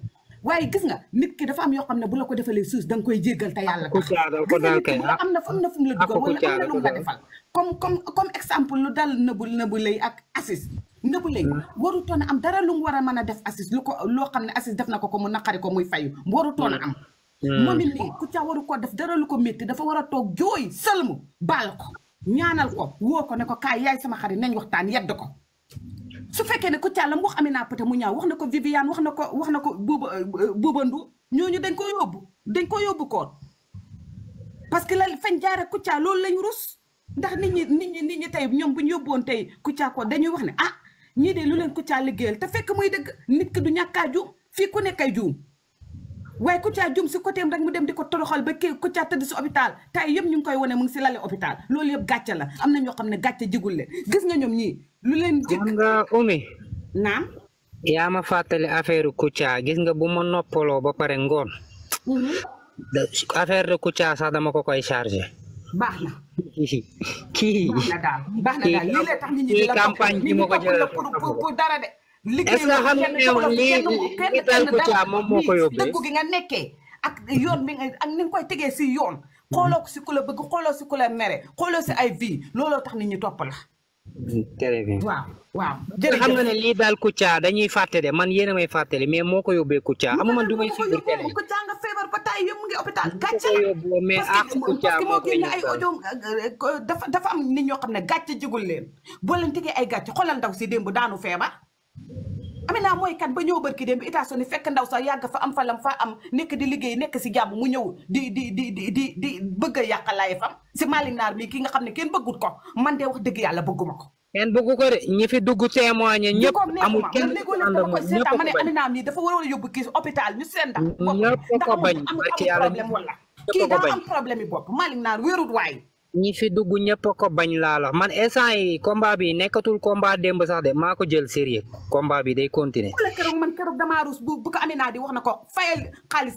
waaye gis nga nit ki dafa am yoo xam ne bu la ko defalee suus da nga koy jéggal te yàlla tax am na am na fu mu la dugal wala am na lu mu la defal lay ak hmm. am dara lu mu war a mën a def assis lu ko loo xam ne Aziz def na ko ko mu naqari ko muy fayu waru toon a am moom hmm. it lii ku ca waru ko def dara lu ko métti dafa war a toog jooy sëlmu baal ko ñaanal ko woo ko ne ko kaay yaay sama xarit nañ waxtaan yedd ko su fekkee ne Kouthia la mu wax Amina Poté mu ñaaw wax na ko Viviane wax na ko wax na ko buuba euh, buubandu ñooñu dañ ko yóbbu dañ ko yóbbu koon parce que la fañ jaare Kouthia loolu lañ rus ndax nit ñi nit ñi nit ñi tey ñoom bu ñu yóbbuwoon tey Kouthia ko dañuy wax ne ah ñii de lu leen Kouthia liggéeyal te fekk muy dëgg nit ki du ñàkkaa juum fii ku nekkay juum waaye Kouthia jum si côté rek mu dem di ko toroxal ba kii Kouthia tëdd si hôpital tay yëpp ñu ngi koy wane mu ngi si lale hôpital loolu yëpp gàcce am na ñoo xam ne gàcce jigul le gis nga ñoom ñii lu leen jig nga umi naam yaa ma fàttali affaire Kouthia gis nga bu ma noppaloo ba pare ngoon mhm. affaire de Kouthia sax dama ko koy chargé baax na kii baax tax nit ñi di la campagne bi ma ko jëlee pour pour dara de liggéey nga xam ne lii lii dal moom ko yóbbee dëkku gi nga nekkee ak yoon bi nga ak ni tegee si yoon xooloo si ku la bëgg xooloo si ku la mere xooloo si ay vie looloo tax nit ñi topp la très bien waaw waaw jërëjëf xam nga ne lii daal Kouthia dañuy fàtte de man yéen a may fàttali mais moo ko yóbbee Kouthia xam nga man du may suivre télé Kouthia nga feebar ba taay yëpp ngi hôpital gàcce la mais ah Kouthia eh, moo eh, ko génne ay dafa dafa am nit ñoo xam ne gàcce jigul leen boo leen tegee ay gàcce xoolal ndaw si démb daanu feebar Amina mooy kan ba ñëw ki dem bi États-Unis fekk ndaw sa yàgg fa am fa falam fa am nekk di liggéey nekk si jàmm mu ñëw di di di di di di bëgg a yàq fam si Malick Naar mi ki nga xam ne kenn bëggut ko man de wax dëgg yàlla bëgguma ko. kenn bëggu ko de ñi fi dugg témoigné ñëpp amul kenn ku ànd ak moom ñëpp ko bañ ma ne dafa waroon a yóbbu kii hôpital ñu seen ndax. ñëpp ko ko bañ ndax problème wala. kii daa am problème yi bopp Malick Naar wéerut ñi fi dugg a ko bañ laa la man instant yi combat bi nekkatul combat démb sax de maa ko jël sérieux combat bi day continuer. keroog man keroog damaa rus bu bu ko di wax na ko fayal xaalis